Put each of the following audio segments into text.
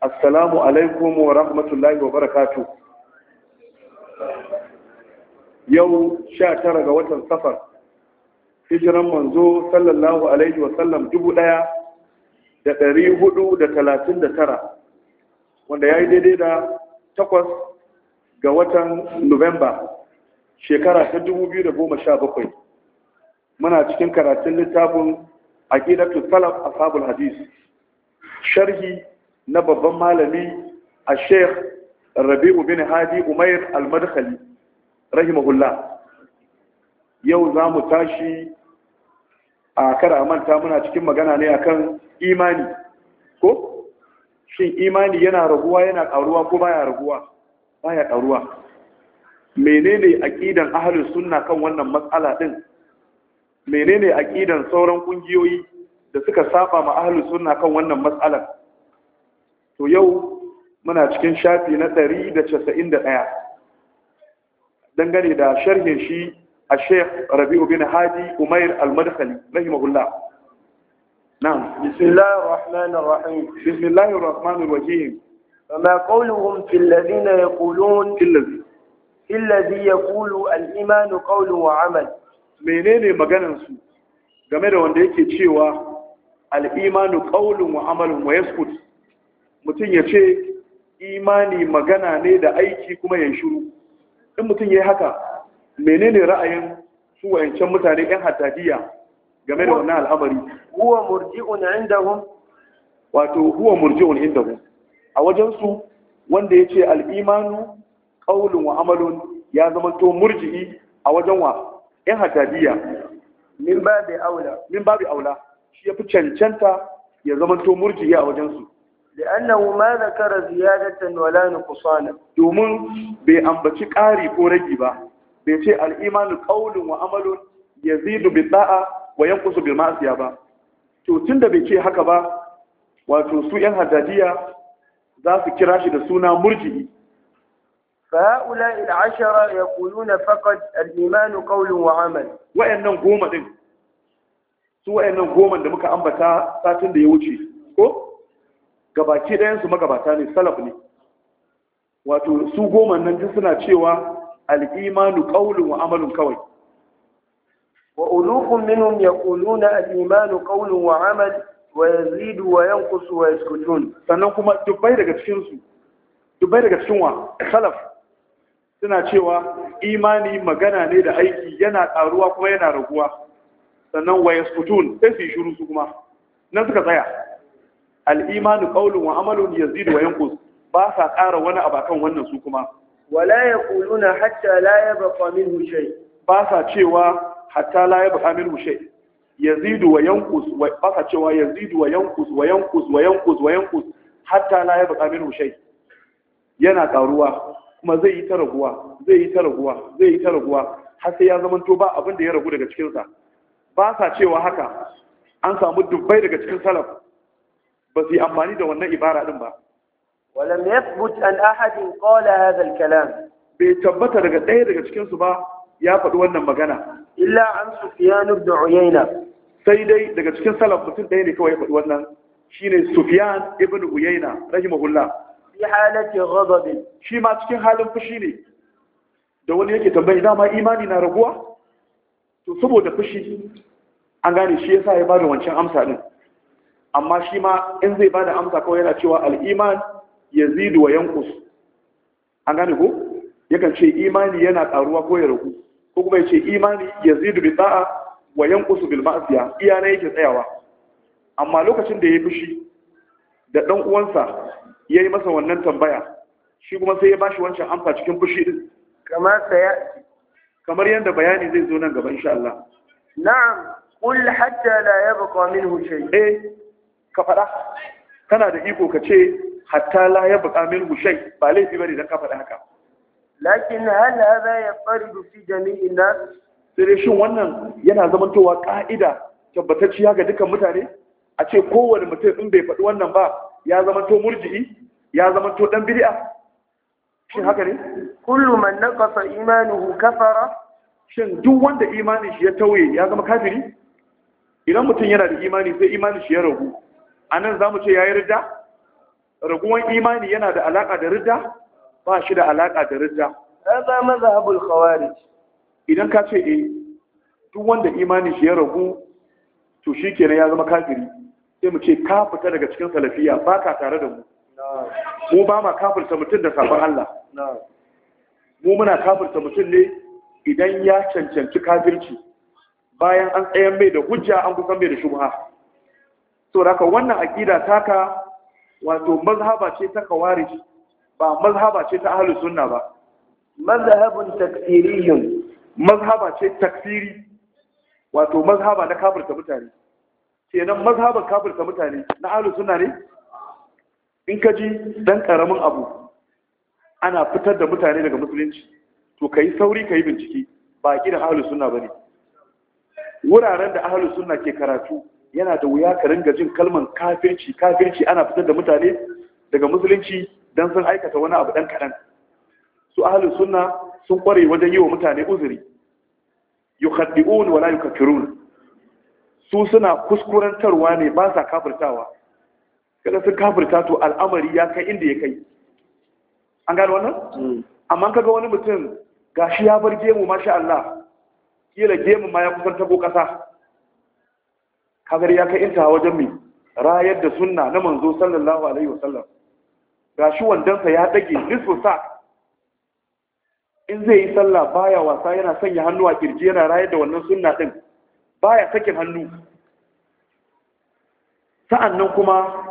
assalamu alaikum wa rahmatullahi wa barakatu yau sha tara ga watan safar hijiran manzo sallallahu alaihi sallam dubu ɗaya da ɗari hudu da talatin da tara wanda ya yi daidai da takwas ga watan nuwamba shekara ta dubu biyu da goma sha bakwai muna cikin karatun littafin aqidatul salaf ashabul hadis sharhi na babban malami a sheikh rabi'u bin hadi umair al-madkhali rahimahullah yau za mu tashi a a manta muna cikin magana ne akan imani ko shin imani yana raguwa yana karuwa ko baya raguwa baya karuwa menene aqidan ahlus sunna kan wannan matsala din menene aqidan sauran kungiyoyi da suka saba ma ahlus sunna kan wannan matsalar to yau muna cikin shafi na 191 dangane da sharhin shi a sheikh rabi'u bin hadi umair al-madkhali rahimahullah na'am bismillahir rahmanir rahim bismillahir rahmanir rahim فما قولهم في الذين يقولون في الذي في الذي يقول الإيمان قول وعمل menene maganansu game da wanda yake cewa al'imanu ƙaunin wa amalin wa yasku mutum ya ce imani magana ne da aiki kuma ya shiru in mutum ya yi haka menene ra'ayin su wa'ancan mutane 'yan haddadiya game da wannan al'amari huwa murji'un hun wato huwa murji'un hun a wajensu wanda ya ce al'imanu ƙaunin wa amalun ya zama to murji'i a wajen wa 'yan haddadiya min babi aula shi ya fi cancanta ya zama to murji'i a wajensu لأنه ما ذكر زيادة ولا نقصانا دومن بأنبتي قاري قريبا با بيتي الإيمان قول وعمل يزيد بالطاعة وينقص بالمعصية با to tunda بيتي ce haka ba wato su yan haddadiya za فهؤلاء العشرة يقولون فقط الإيمان قول وعمل وإنهم نقوم دين سوء إنهم نقوم دمك أنبتا ساتن ديوتي كو gabaki ɗayansu magabata ne salaf ne wato su goma nan duk suna cewa al'imanu ƙaunin wa amalin kawai wa ulukun minhum yaquluna al-imanu ƙaunin wa amal wa yazidu wa yanqusu wa yaskutun sannan kuma dubbai daga cikin su dubbai daga cikin wa salaf suna cewa imani magana ne da aiki yana ƙaruwa kuma yana raguwa sannan wa yaskutun sai su yi shiru su kuma nan suka tsaya al-imanu qawlun wa amalun yazidu wa yanqus ba sa ƙara wani abu wannan su kuma wala yaquluna hatta la yabqa minhu shay ba sa cewa hatta la yabqa minhu shay yazidu wa yanqus ba sa cewa yazidu wa yanqus wa yanqus wa yanqus wa yanqus hatta la yabqa minhu shay yana karuwa kuma zai yi ta raguwa zai yi ta raguwa zai yi ta raguwa har sai ya zamanto ba abin da ya ragu daga cikinsa ba sa cewa haka an samu dubbai daga cikin salaf ba su yi amfani da wannan ibara din ba walam yathbut an ahadin qala hadha al-kalam bai tabbata daga ɗaya daga cikin su ba ya faɗi wannan magana illa an sufyan ibn uyayna sai dai daga cikin salaf mutum ɗaya ne kawai ya faɗi wannan shine sufyan ibn uyayna rahimahullah fi halati ghadab shi ma cikin halin fushi ne da wani yake tambayi dama imani na raguwa to saboda fushi an gane shi yasa ya bada wancan amsa din amma shi ma in zai ba da amsa kawai yana cewa al'iman yazidu wa Yankus. an gane ku? yakan ce imani yana ƙaruwa ko ya ragu ko kuma ya ce imani yazidu bi ta'a wa Yankusu bil ma’asiya iya na yake tsayawa amma lokacin da ya yi fushi da ɗan uwansa ya yi masa wannan tambaya shi kuma sai ya ba shi wancan amsa cikin fushi din kamar yadda bayani zai zo nan gaba insha Allah na'am قل حتى لا يبقى منه شيء ka faɗa kana da iko ka ce hatta la ya buƙa min hushai ba laifi bane dan ka faɗa haka lakin hal ya yaqridu fi jami'in na sai shin wannan yana zamantowa ka'ida tabbatacciya ga dukkan mutane a ce kowane mutum in bai faɗi wannan ba ya zamanto murji'i ya zamanto dan bid'a shin haka ne kullu man naqasa imanuhu kafara shin duk wanda imanin shi ya tauye ya zama kafiri idan mutum yana da imani sai imanin shi ya ragu Anan zamu za mu ce ya yi rida? raguwan imani yana da alaƙa da rida? ba shi da alaƙa da rida haza mazhabul khawarij idan ka ce eh duk wanda imani shi ya ragu to shi kenan ya zama kafiri sai mu ce ka fita daga cikin salafiya ba ka tare da mu mu ba ma kafirta mutum da sabon Allah mu muna kafirta mutum ne idan ya cancanci kafirci bayan an tsayan mai da hujja an kusan mai da shubha so da wannan aƙida taka wato mazhaba ce ta kawarish ba mazhaba ce ta ahlus sunna ba mazhabun takfiriyun mazhaba ce takfiri wato mazhaba na kafirta mutane kenan mazhaban kafirta mutane na ahlus sunna ne in ka ji dan karamin abu ana fitar da mutane daga musulunci to kai sauri kai bincike ba gidan ahlus sunna bane wuraren da ahlus sunna ke karatu yana da wuya ka ringa jin kalman kafirci kafirci ana fitar da mutane daga musulunci dan sun aikata wani abu dan kaɗan su ahlus sunna sun kware wajen yi wa mutane uzuri yukhaddi'un wala yukaffirun su suna kuskurantarwa ne ba sa kafirtawa kada sun kafirta to al'amari ya kai inda ya kai an gano wannan hmm. amma kaga wani mutum gashi ya bar gemu masha Allah kila gemu ma ya kusan tabo kasa kagar ya kai inta wajen mai rayar da sunna na manzo sallallahu alaihi wasallam gashi wandansa ya dage nisu sa in zai yi sallah baya wasa yana sanya hannu a kirji yana rayar da wannan sunna din baya sakin hannu sa'annan kuma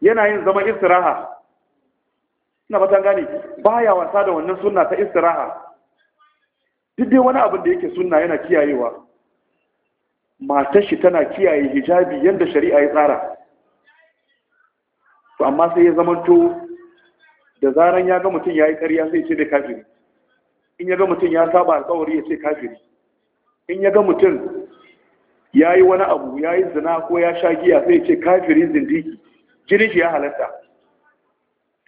yana yin zama istiraha ina ba gane baya wasa da wannan sunna ta istiraha duk dai wani abin da yake sunna yana kiyayewa matar shi tana kiyaye hijabi yadda shari'a ya tsara to amma sai ya zamanto da zaran ya ga mutum ya yi ƙarya sai ce da kafiri in ya ga mutum ya saba alƙawari ya ce kafiri in ya ga mutum ya yi wani abu ya yi zina ko ya sha giya sai ce kafiri zindiki jinin shi ya halatta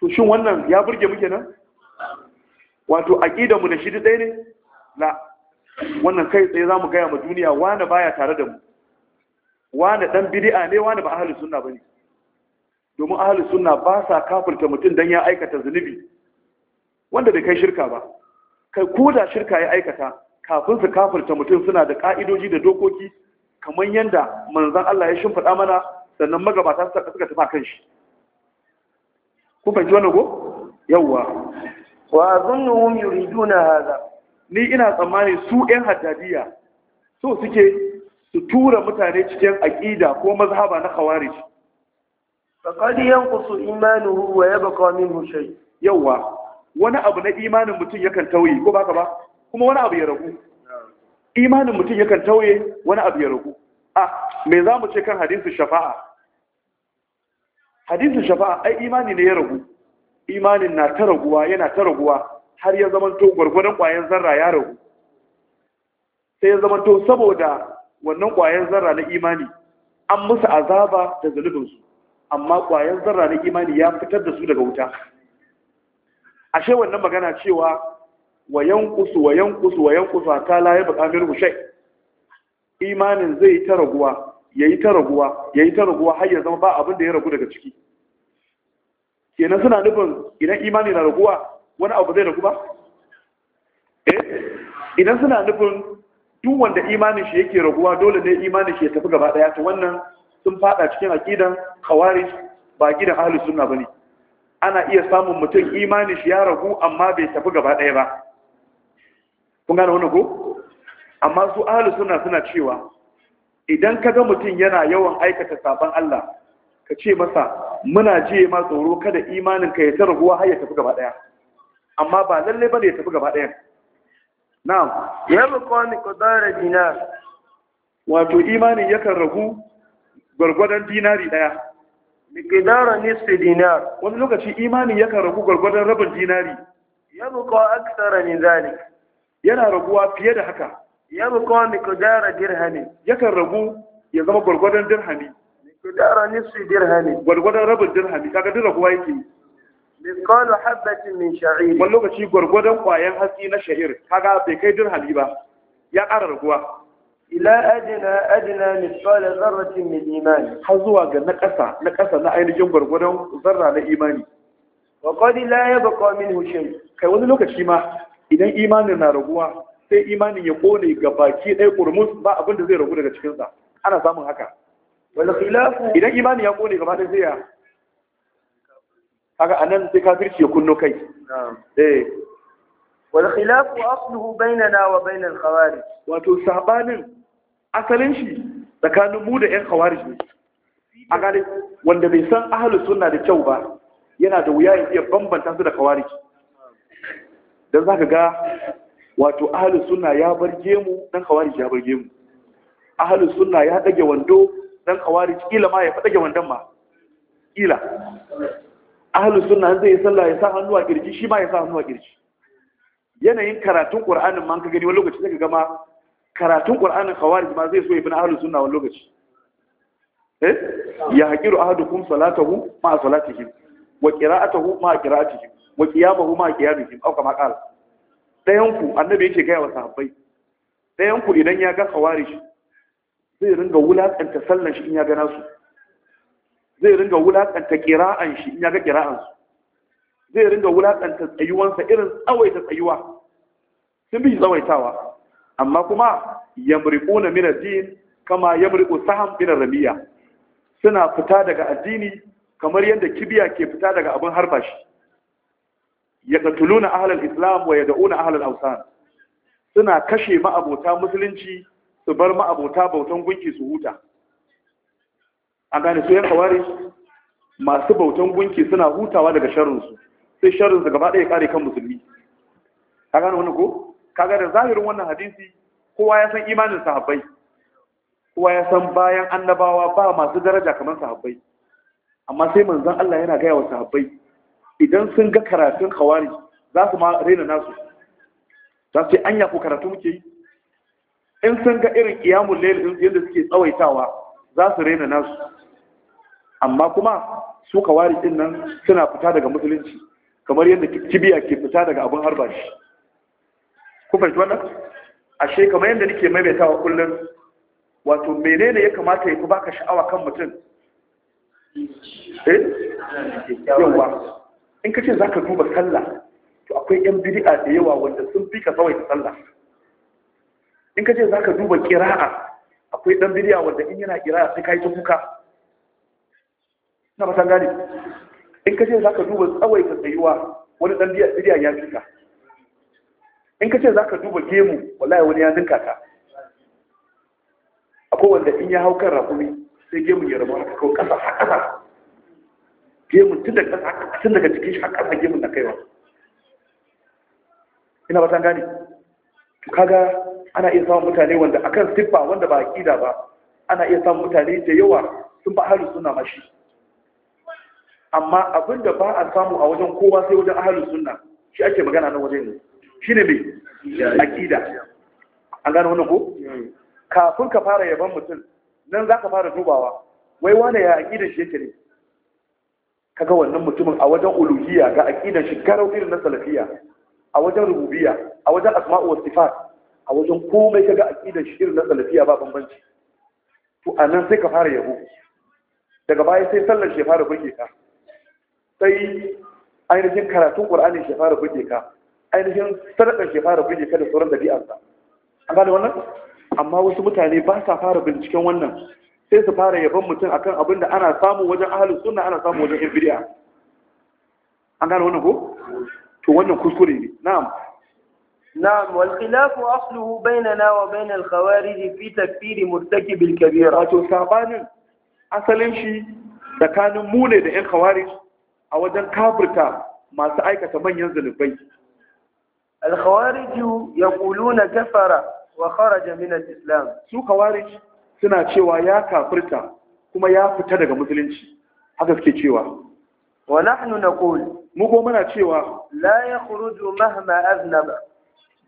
to shin wannan ya burge muke nan wato aƙidanmu da shi ɗaya ne la wannan kai tsaye za mu gaya ma duniya wane baya tare da mu wane ɗan bidi'a ne wane ba ahalin sunna ba ne domin ahalin sunna ba sa kafirta mutum don ya aikata zunubi wanda bai kai shirka ba kai ko da shirka ya aikata kafin su kafirta mutum suna da ka'idoji da dokoki kamar yadda manzan Allah ya shimfida mana sannan magabata suka tafi kan shi ku fahimci wannan go? yawwa wa azunnahum yuriduna hadha ni ina tsammani su ƴan haddadiya so suke su tura mutane cikin aƙida ko mazhaba na khawarij faqad yanqusu imanuhu wa yabqa minhu shay yawa wani abu na imanin mutum yakan tauye ko baka ba kuma wani abu ya ragu imanin mutum yakan tauye wani abu ya ragu a me za mu ce kan hadisin shafa'a hadisin shafa'a ai imani ne ya ragu imanin na ta raguwa yana ta raguwa har ya zamanto gwargwadon ƙwayan zarra ya ragu sai ya zamanto saboda wannan ƙwayan zarra na imani an musu azaba da zunubinsu amma ƙwayan zarra na imani ya fitar da su daga wuta ashe wannan magana cewa wa yankusu wa yankusu wa yankusu ta la ya buƙatar hushai imanin zai yi ta raguwa ya yi ta raguwa ya yi ta raguwa har ya zama ba abin da ya ragu daga ciki kenan suna nufin idan imani na raguwa wani abu zai ragu ba eh idan suna nufin duk wanda imanin shi yake raguwa dole ne imanin shi ya tafi gaba daya ta wannan sun fada cikin aqidan khawarij ba gidan ahlus sunna bane ana iya samun mutum imanin shi ya ragu amma bai tafi gaba daya ba kun gane wannan ko amma su ahlus suna suna cewa idan ka ga mutum yana yawan aikata saban Allah ka ce masa muna je ma tsoro kada imanin ka ya ta raguwa har ya tafi gaba daya amma ba lalle ba ne ya tafi gaba ɗayan na'am ya buƙo ni ƙudurar dinar wato imanin yakan ragu gwargwadon dinari ɗaya miƙidara nisfi dinar wani lokaci imanin yakan ragu gwargwadon rabin dinari ya buƙo aksara min zane yana raguwa fiye da haka ya buƙo miƙidara dirhani yakan ragu ya zama gwargwadon dirhami miƙidara nisfi dirhani gwargwadon rabin dirhami kaga duk raguwa yake yi misqalu habatin min sha'ir wani lokaci gwargwadon kwayan hatsi na sha'ir kaga bai kai dirhami ba ya ƙara raguwa ila adina adina misqala zarratin min iman har zuwa ga na ƙasa na ƙasa na ainihin gwargwadon zarra na imani wa qad la yabqa minhu shay kai wani lokaci ma idan imanin na raguwa sai imanin ya kone ga baki ɗaya ƙurmus ba abin da zai ragu daga cikinsa ana samun haka idan imanin ya kone gaba ɗaya sai ya kaga anan sai kafirci ya kunno kai eh wal khilafu asluhu bainana wa al khawarij wato sabanin asalin shi tsakanin mu da yan khawarij ne a gane wanda bai san ahlus sunna da kyau ba yana da wuya ya iya bambanta su da khawarij dan zaka ga wato ahlus sunna ya bar gemu dan khawarij ya bar gemu, ahlus sunna ya dage wando dan khawarij kila ma ya fa dage wandon ma kila ahlus sunna an zai sallah ya sa hannu a kirji shi ma ya sa hannu a kirji yanayin karatun qur'anin ma ka gani wani lokaci zai ga ma karatun qur'anin khawarij ma zai so ibn ahlus sunna wani lokaci eh ya hakiru ahadukum salatahu ma salatihi wa qira'atuhu ma qira'atihi wa qiyamuhu ma qiyamihi au kama qala dayan ku annabi yake ga wa sahabbai dayan ku idan ya ga khawarij zai ringa wulakanta sallan shi in ya ga nasu zai ringa wulakanta kira'an shi in ya ga kira'an su zai ringa wulakanta tsayuwansa irin tsawaita tsayuwa sun bi tsawaitawa amma kuma yamriquna min ad-din kama yamriqu saham min ar-ramiya suna fita daga addini kamar yadda kibiya ke fita daga abin harba shi yaqtuluna ahlal islam wa yad'una ahlal awsan suna kashe ma'abota musulunci su bar ma'abota bautan gunki su huta an gane su yan kawari masu bautan gunki suna hutawa daga sharrinsu sai sharrinsu gaba ɗaya kare kan musulmi ka gane wani ko kaga da zahirin wannan hadisi kowa ya san imanin sahabbai kowa ya san bayan annabawa ba masu daraja kamar sahabbai amma sai manzon Allah yana gaya wa sahabbai idan sun ga karatun kawari za su ma raina nasu za su yi anya ko karatu muke yi in sun ga irin iyamun lail yadda suke tsawaitawa za su raina nasu amma kuma su kawari din nan suna fita daga musulunci kamar yadda kibiya ke fita daga abin harba shi ku fahimci wannan ashe kamar yadda nake maimaitawa kullum wato menene ya kamata ya fi baka sha'awa kan mutum eh yawa in ka ce za ka duba sallah to akwai yan bid'a da yawa wanda sun fi ka sallah in ka ce za ka duba kira'a akwai dan bidiya wanda in yana kira sai kai ta kuka na ba gani. in ka ce za ka duba tsawai ka tsayuwa wani dan bidiya ya fika in ka ce za ka duba gemu wallahi wani ya dinka ka akwai wanda in ya hau kan rakumi sai gemun ya rabu haka kawai kasa haka kasa gemun tun daga kasa tun daga cikin shi haka kasa gemun na kaiwa ina ba san gani kaga ana iya samun mutane wanda akan siffa wanda ba aqida ba ana iya samun mutane da yawa sun ba ahlus sunna mashi amma abinda ba a samu a wajen kowa sai wajen ahlus sunna shi ake magana na wajen ne shine mai aqida an gane wannan ko kafin ka fara yaban mutum nan za ka fara dubawa wai wane ya aƙida shi yake ne kaga wannan mutumin a wajen uluhiyya ga aƙidan shi garau irin na salafiya a wajen rububiyya a wajen asma'u was sifat a wajen komai kaga aqidar shirin na salafiya ba bambanci to anan sai ka fara yabo daga baya sai sallar shi fara burge ka sai ainihin karatun qur'ani shi fara burge ka ainihin sadaka shi fara burge ka da sauran dabi'arsa an gane wannan amma wasu mutane ba sa fara binciken wannan sai su fara yaban mutum akan abin da ana samu wajen ahlus sunna ana samu wajen ibdiya an gane wannan ko to wannan kuskure ne na'am نعم والخلاف أصله بيننا وبين الخوارج في تكفير مرتكب الكبيرة wato sabanin asalin shi tsakanin mu ne da 'yan khawarij a wajen kafirta masu aikata manyan zulubai الخوارج يقولون كفر وخرج من الإسلام su khawarij suna cewa ya kafirta kuma ya fita daga musulunci haka suke cewa wa nahnu naqul mu ko muna cewa la yakhruju mahma aznaba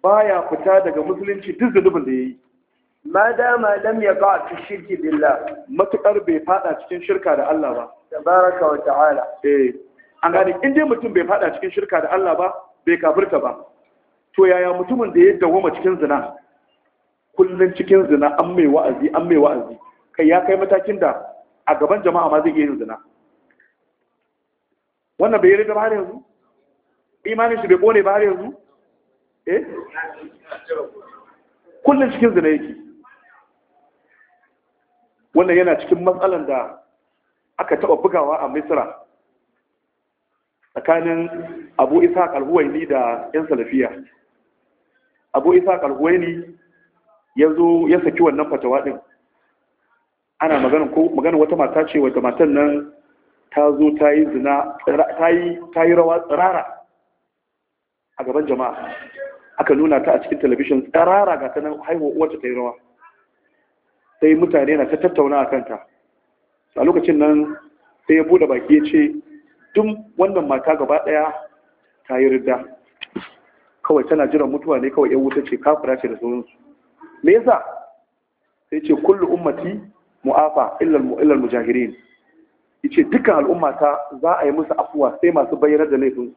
baya fita daga musulunci duk dubin da yayi madama lam ba fi shirki billah matukar bai fada cikin shirka da Allah ba tabaraka wa ta'ala eh an gane in dai mutum bai fada cikin shirka da Allah ba bai kafirta ba to yaya mutumin da ya dawoma cikin zina kullun cikin zina an mai wa'azi an mai wa'azi kai ya kai matakin da a gaban jama'a ma zai iya yin zina wannan bai yi da har yanzu imanin shi bai kone ba har yanzu Eh? kullum cikin zina yake wannan yana cikin matsalan da aka taɓa bugawa a misra tsakanin abu isa kalhuwaini da 'yan salafiya abu isa kalhuwaini ya zo ya saki wannan fatawa din ana magana wata mata ce wata matan nan ta zo ta yi rawa tsirara a gaban jama'a aka nuna ta a cikin talabishin tsarara ga ta nan haihuwa uwarta ta yi rawa sai mutane na ta tattauna a kanta a lokacin nan sai ya bude baki ya ce duk wannan mata gaba ɗaya ta yi ridda kawai tana jiran mutuwa ne kawai yan wuta ce kafira ce da sauransu me yasa sai ce kullu ummati mu'afa illal mujahirin yace dukkan al'ummata za a yi musu afuwa sai masu bayyana da laifin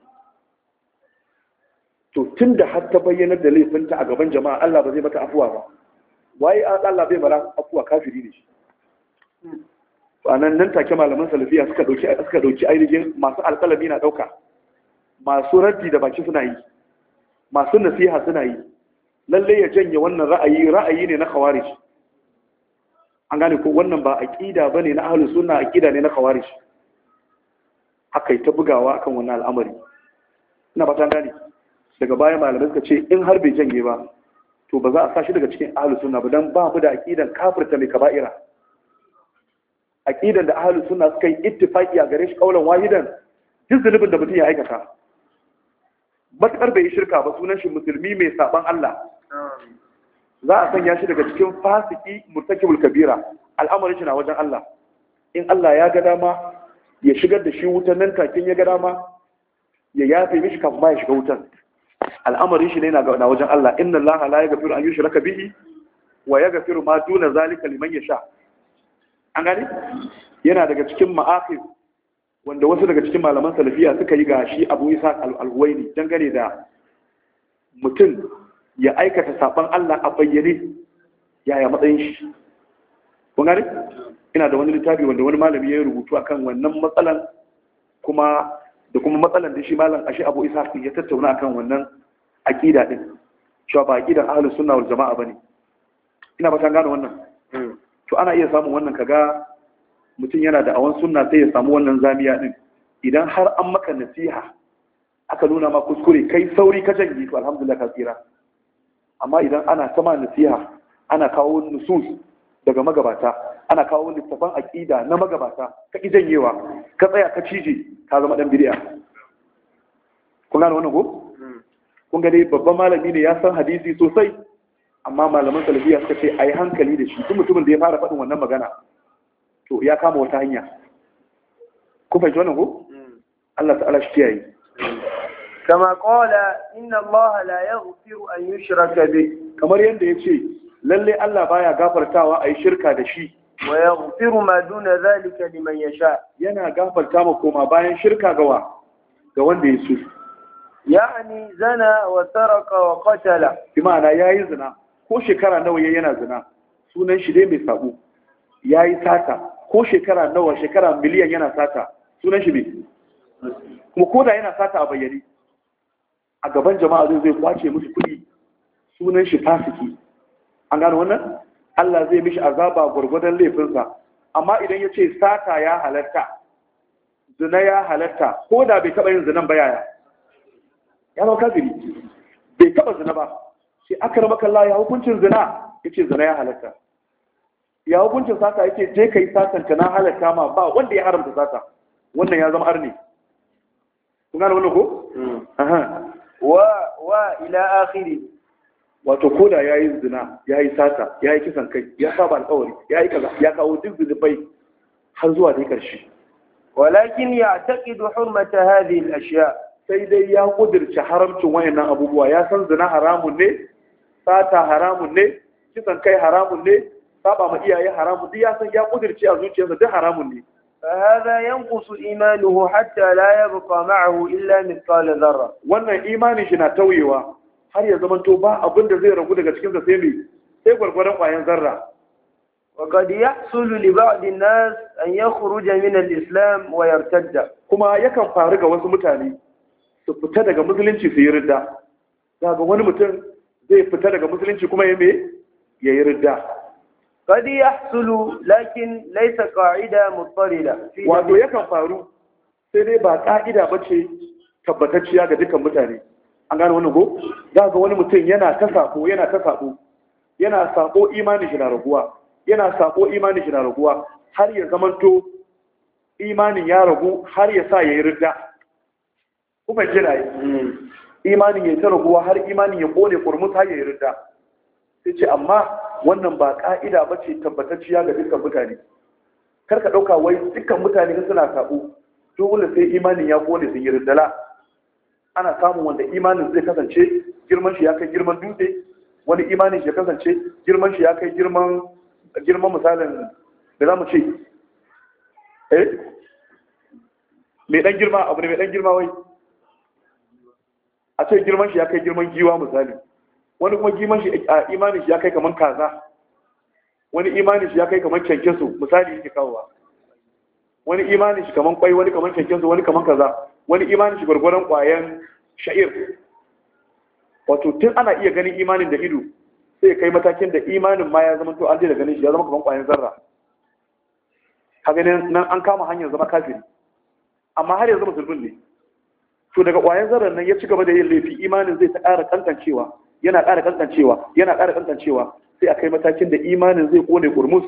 to tun da har ta bayyana da laifinta a gaban jama'a Allah ba zai mata afuwa ba waye Allah bai mara afuwa kafiri ne shi anan nan take malaman salafiya suka dauki suka dauki ainihin masu alƙalami na dauka masu raddi da baki suna yi masu nasiha suna yi lalle ya janye wannan ra'ayi ra'ayi ne na khawarij an gane ko wannan ba aqida bane na ahlus sunna aqida ne na khawarij akai ta bugawa akan wannan al'amari ina ba ta gane daga baya malamai suka ce in har bai janye ba to ba za a sashi daga cikin ahlus sunna ba dan ba da aqidan kafirta mai kaba'ira aqidan da ahlus sunna suka yi ittifaqi a gare shi kaulan wahidan duk zulubin da mutum ya aikata matakar bai shirka ba sunan shi musulmi mai saban Allah za a sanya shi daga cikin fasiki murtakibul kabira al'amarin shi na wajen Allah in Allah ya ga dama ya shigar da shi wutan nan kakin ya ga dama ya yafe mishi kafin ma ya shiga wutan al'amarin shi ne na wajen Allah inna Allah la yaghfiru an yushraka bihi wa yaghfiru ma duna zalika liman yasha an gani yana daga cikin ma'akhir wanda wasu daga cikin malaman salafiya suka yi gashi Abu Isa al-Huwaini dangane da mutum ya aikata saban Allah a bayyane yaya matsayin shi kun gani ina da wani littafi wanda wani malami ya yi rubutu akan wannan matsalan kuma da kuma matsalan da shi malam ashi Abu Isa ya tattauna akan wannan akida din cewa ba aqidan ahlus sunna wal jama'a bane ina ba gano wannan hmm. to ana iya samun wannan kaga mutum yana da awan sunna sai ya samu wannan zamiya din idan har an maka nasiha aka nuna ma kuskure kai sauri ka janye to alhamdulillah ka tsira amma idan ana sama nasiha ana kawo nusus daga magabata ana kawo littafan aqida na magabata ka ki janyewa ka tsaya ka cije ka zama dan bid'a kun gane wannan ko kun ga dai babban malami ne ya san hadisi sosai amma malaman salafiya suka ce a yi hankali da shi Tun mutumin da ya fara faɗin wannan magana to ya kama wata hanya ku fahimci wannan ko Allah ta'ala shi kiyaye kama qala inna Allah la yaghfiru an yushraka bi kamar yanda yace lalle Allah baya gafartawa a yi shirka da shi wa yaghfiru ma duna zalika liman yasha yana gafarta ma koma bayan shirka gawa ga wanda ya so yani zana wa saraka wa qatala bi ma'ana yayi zina ko shekara nawa yayi yana zina sunan shi dai mai sabo yayi sata ko shekara nawa shekara miliyan yana sata sunan shi mai kuma ko da yana sata a bayyane a gaban jama'a zai zai kwace musu kuɗi sunan shi fasiki an gano wannan Allah zai mishi azaba gwargwadon laifinsa amma idan ya ce sata ya halatta zina ya halatta ko da bai taɓa yin zinan ba yaya ya zama kafiri bai taba zina ba sai aka raba kalla ya hukuncin zina ce zina ya halatta ya hukuncin sata ce je kai satan ka na halatta ma ba wanda ya haramta sata wannan ya zama arni kun gane wannan ko hmm. aha wa wa ila akhiri wato koda yi zina ya yi sata ya yi kisan kai ya saba alƙawari yi kaza ya kawo duk zubai har zuwa dai karshe walakin ya ya'taqidu hurmata hadin al-ashya' sai dai ya kudirce haramcin wayannan abubuwa ya san zina haramun ne sata haramun ne kisan kai haramun ne saba ma iyaye haramun duk ya san ya kudirce a zuciyarsa duk haramun ne hada, ينقص إيمانه حتى لا يبقى معه illa مثقال zarra. wannan imanin shi na tauyewa har ya zama to ba abin da zai ragu daga cikin sa sai mai sai gwargwaron ƙwayan zarra وقد يحصل an الناس أن يخرج islam الإسلام kuma yakan faru ga wasu mutane su fita daga musulunci su yi ridda daga wani mutum zai fita daga musulunci kuma ya me ya yi ridda ya sulu lakin laysa qa'ida da. wato yakan faru sai dai ba ka'ida ce tabbatacciya ga dukkan mutane an gane wani go daga wani mutum yana ta sako yana ta sako yana sako imanin shi na raguwa yana sako imanin shi na raguwa har ya zamanto imanin ya ragu har ya sa ya yi ridda kuma yi. imanin ya ta raguwa har imanin ya kone kurmus ya yi ridda sai ce amma wannan ba ka'ida ba ce tabbatacciya ga dukkan mutane kar ka ɗauka wai dukkan mutane suna saɓo dole sai imanin ya kone sun yi riddala ana samun wanda imanin zai kasance girman shi ya kai girman dutse wani imanin shi ya kasance girman shi ya kai girman girman misalin da za mu ce eh mai dan girma abu ne mai dan girma wai a ce girman shi ya kai girman giwa misali wani kuma giman shi a imanin shi ya kai kamar kaza wani imanin shi ya kai kamar kyankyaso misali yake kawowa wani imanin shi kamar kwai wani kamar kyankyaso wani kamar kaza wani imanin shi gwargwaron kwayan sha'ir wato tun ana iya ganin imanin da ido sai ya kai matakin da imanin ma ya zama to an da ganin shi ya zama kamar kwayan zarra ganin nan an kama hanyar zama kafiri amma har yanzu musulmin ne to daga ƙwayan zarar nan ya ci gaba da yin laifi imanin zai ta ƙara kankancewa yana ƙara kankancewa yana ƙara kankancewa sai a kai matakin da imanin zai kone kurmus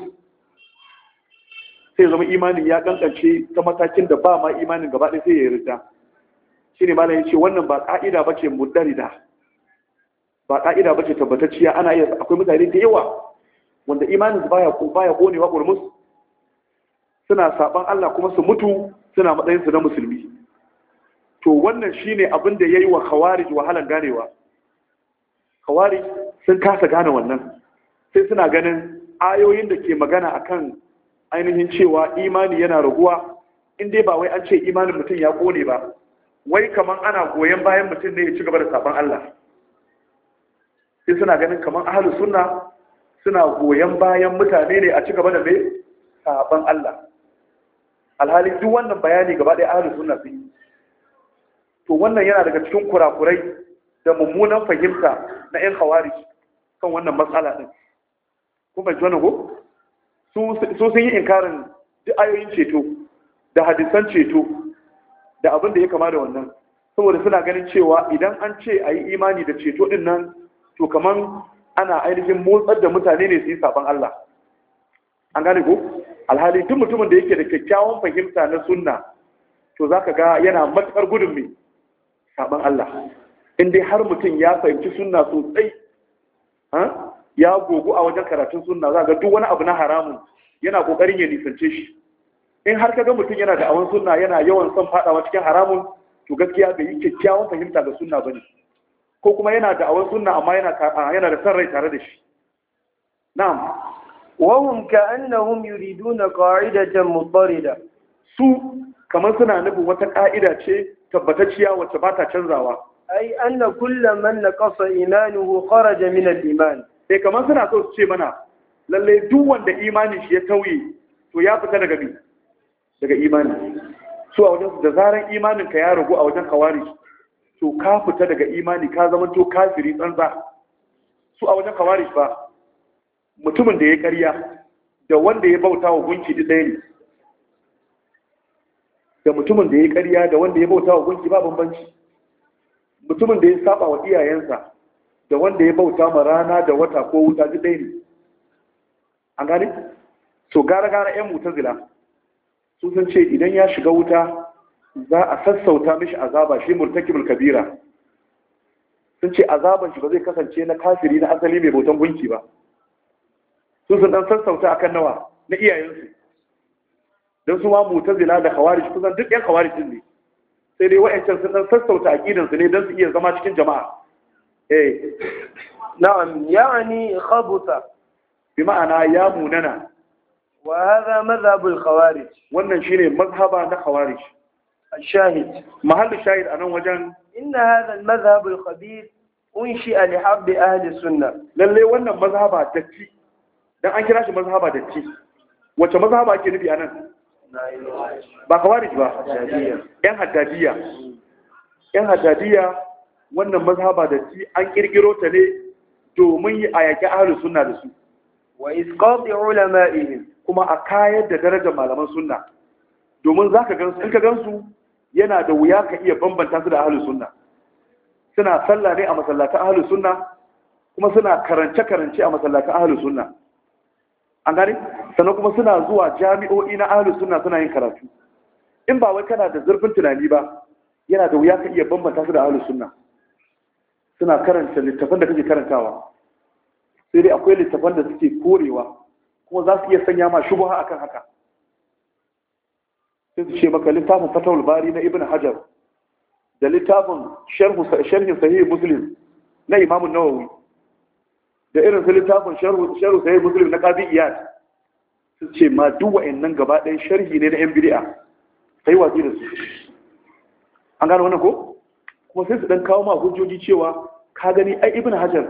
sai zama imanin ya kankance ta matakin da ba ma imanin gaba ɗaya sai ya yarda shine malam ce wannan ba ƙa'ida ba ce mudarida ba ƙa'ida ba ce tabbatacciya ana iya akwai mutane da yawa wanda imanin su baya baya konewa kurmus suna saban Allah kuma su mutu suna matsayin su na musulmi to wannan shine abin da yayi wa khawarij wahalan ganewa khawarij sun kasa gane wannan sai suna ganin ayoyin da ke magana akan ainihin cewa imani yana raguwa in dai ba wai an ce imanin mutum ya kone ba wai kaman ana goyon bayan mutum ne ya ci gaba da sabon Allah sai suna ganin kaman ahlus sunna suna goyon bayan mutane ne a ci gaba da mai sabon Allah alhali duk wannan bayani gaba ɗaya ahlus sunna sun yi to wannan yana daga cikin kurakurai da mummunan fahimta na 'yan hawari kan wannan matsala ɗin kuma ji ko su sun yi inkarin duk ayoyin ceto da hadisan ceto da abin da ya kama da wannan saboda suna ganin cewa idan an ce a yi imani da ceto ɗin nan to kaman ana ainihin motsar da mutane ne su yi sabon Allah an gane ko alhali duk mutumin da yake da kyakkyawan fahimta na sunna to zaka ga yana matukar gudun mai saban Allah in dai har mutum ya fahimci sunna sosai ya gogu a wajen karatun sunna za ga duk wani abu na haramun yana kokarin ya nisance shi in har ka ga mutum yana da awon sunna yana yawan son fadawa cikin haramun to gaskiya bai yi kyakkyawan fahimta ga sunna bane ko kuma yana da awon sunna amma yana yana da san rai tare da shi na'am wa hum ka'annahum yuriduna qa'idatan mutarida su kamar suna nufin wata ka'ida ce tabbatacciya wacce ba ta canzawa ai anna kullu man naqasa imanuhu kharaja min al-iman eh kamar suna so su ce mana lalle duk wanda imanin shi ya tauye to ya fita daga bi daga imani So a wajen da zaran imanin ka ya ragu a wajen kawari to ka fita daga imani ka zama to kafiri tsantsa su a wajen kawari ba mutumin da ya karya da wanda ya bauta wa gunki ɗaya ne da mutumin da ya yi ƙarya da wanda ya bauta wa gunki ba bambanci mutumin da ya saba wa iyayensa da wanda ya bauta ma rana da wata ko wuta duk ɗaya ne an gani so gara gara wuta zila sun san ce idan ya shiga wuta za a sassauta mishi azaba shi murtakibul kabira sun ce azaban shi ba zai kasance na kafiri na asali mai bautan gunki ba sun sun dan sassauta akan nawa na iyayensu don su ma mutazila da khawarij kusan duk yan khawarij ne sai dai wa'ancan sun sassauta aqidan su ne don su iya zama cikin jama'a eh na'am ya'ni khabutha bi ma'ana ya munana wa hadha madhhab al khawarij wannan shine mazhaba na khawarij الشاهد محل الشاهد أنا وجن إن هذا المذهب الخبيث أنشئ لحب أهل السنة للي wannan مذهبا datti. dan an kira shi mazhaba datti wace mazhaba ake nufi anan ba kawarij ba yan haddadiya yan haddadiya wannan mazhaba da ci an kirkiro ta ne domin yi a yaƙi ahalu sunna da su wa isqati ulama'ihim kuma a kayar da darajar malaman sunna domin zaka gansu in ka gansu yana da wuya ka iya bambanta su da ahalu sunna suna sallah ne a masallatan ahalu sunna kuma suna karance karance a masallatan ahalu sunna an gane sannan kuma suna zuwa jami'o'i na ahalus sunna suna yin karatu in ba wai kana da zurfin tunani ba yana da wuya ka iya bambanta su da ahalus sunna suna karanta littafan da kake karantawa sai dai akwai littafan da suke korewa kuma za su iya sanya ma shubuha akan haka sai su ce maka littafin fatawul bari na ibn hajar da littafin sharhin sahih muslim na imamun nawawi da irin su littafin sharhu sai muslim na kazi su ce ma duk wa'annan gaba ɗaya sharhi ne na yan bid'a sai watsi da su an gano wannan ko kuma sai su dan kawo ma hujjoji cewa ka gani ai ibn hajar